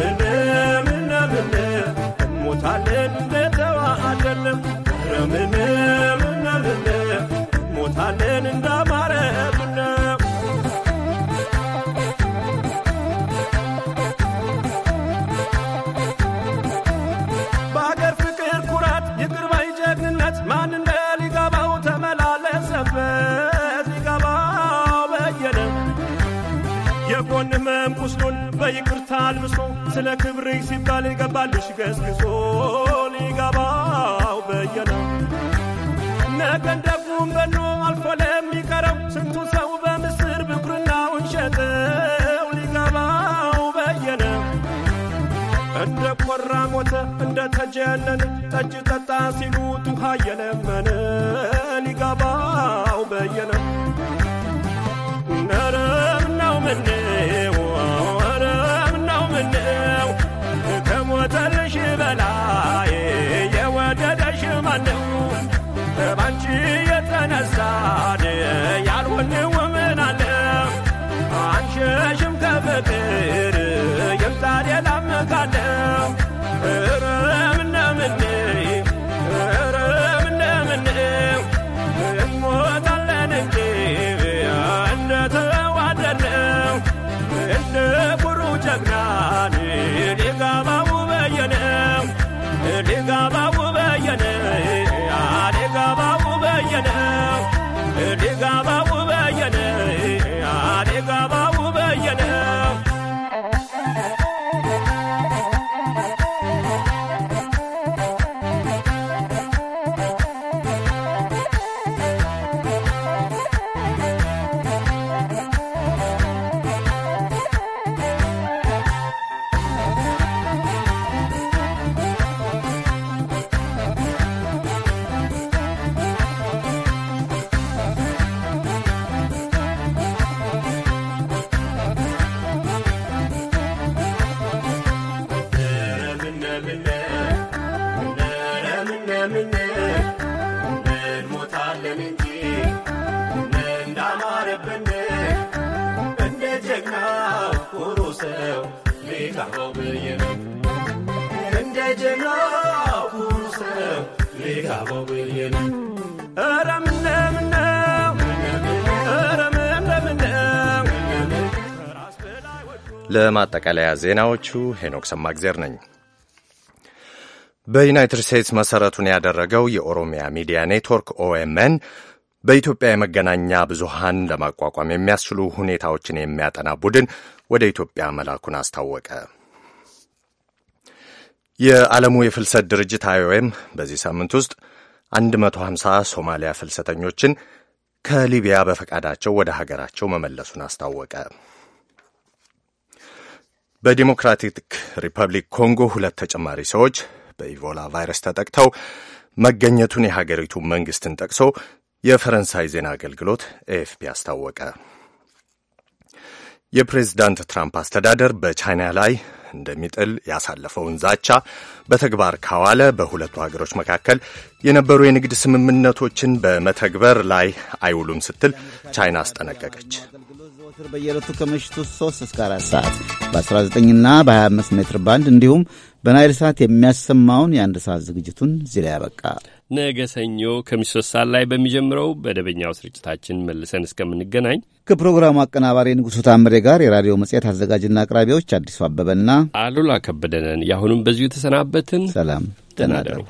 ምንም እናምንም እሞታለን እንደተዋሃደልም ኧረ ፍቅር ኩራት ይቅር ባይ ጀግንነት ማን እንደ ሊገባው ተመላለሰበት ሊገባው በየነ የጎን ህመም ቁስሉን በይቅርታ አልብሶ ስለ ክብርሽ ሲባል ይገባልሽ ገስግሶ ሊገባው በየነ ነገን ደጉም በኖ አልፎ ለሚቀረው ስንቱ ሰው በምስር ብኩርናውን ሸጠው ሊገባው በየነ እንደ ቆራ ሞተ እንደ ተጀነነ ጠጅ ጠጣ ሲሉት ውሃ የለመነ ሊገባው በየነ በላይ የወደደሽ ማነው? በባንቺ የተነሳን ያልሆን ለማጠቃለያ ዜናዎቹ ሄኖክ ሰማግዜር ነኝ። በዩናይትድ ስቴትስ መሠረቱን ያደረገው የኦሮሚያ ሚዲያ ኔትወርክ ኦኤምኤን በኢትዮጵያ የመገናኛ ብዙሃን ለማቋቋም የሚያስችሉ ሁኔታዎችን የሚያጠና ቡድን ወደ ኢትዮጵያ መላኩን አስታወቀ። የዓለሙ የፍልሰት ድርጅት አይኦኤም በዚህ ሳምንት ውስጥ 150 ሶማሊያ ፍልሰተኞችን ከሊቢያ በፈቃዳቸው ወደ ሀገራቸው መመለሱን አስታወቀ። በዲሞክራቲክ ሪፐብሊክ ኮንጎ ሁለት ተጨማሪ ሰዎች በኢቦላ ቫይረስ ተጠቅተው መገኘቱን የሀገሪቱ መንግስትን ጠቅሶ የፈረንሳይ ዜና አገልግሎት ኤኤፍፒ አስታወቀ። የፕሬዝዳንት ትራምፕ አስተዳደር በቻይና ላይ እንደሚጥል ያሳለፈውን ዛቻ በተግባር ካዋለ በሁለቱ ሀገሮች መካከል የነበሩ የንግድ ስምምነቶችን በመተግበር ላይ አይውሉም ስትል ቻይና አስጠነቀቀች። በየዕለቱ ከምሽቱ 3 እስከ 4 ሰዓት በ19ና በ25 ሜትር ባንድ እንዲሁም በናይል ሰዓት የሚያሰማውን የአንድ ሰዓት ዝግጅቱን እዚህ ላይ ነገ ሰኞ ከምሽቱ ሶስት ሰዓት ላይ በሚጀምረው መደበኛው ስርጭታችን መልሰን እስከምንገናኝ ከፕሮግራሙ አቀናባሪ ንጉሱ ታምሬ ጋር የራዲዮ መጽሔት አዘጋጅና አቅራቢዎች አዲሱ አበበና አሉላ ከበደነን የአሁኑም በዚሁ ተሰናበትን። ሰላም ተናደሩ።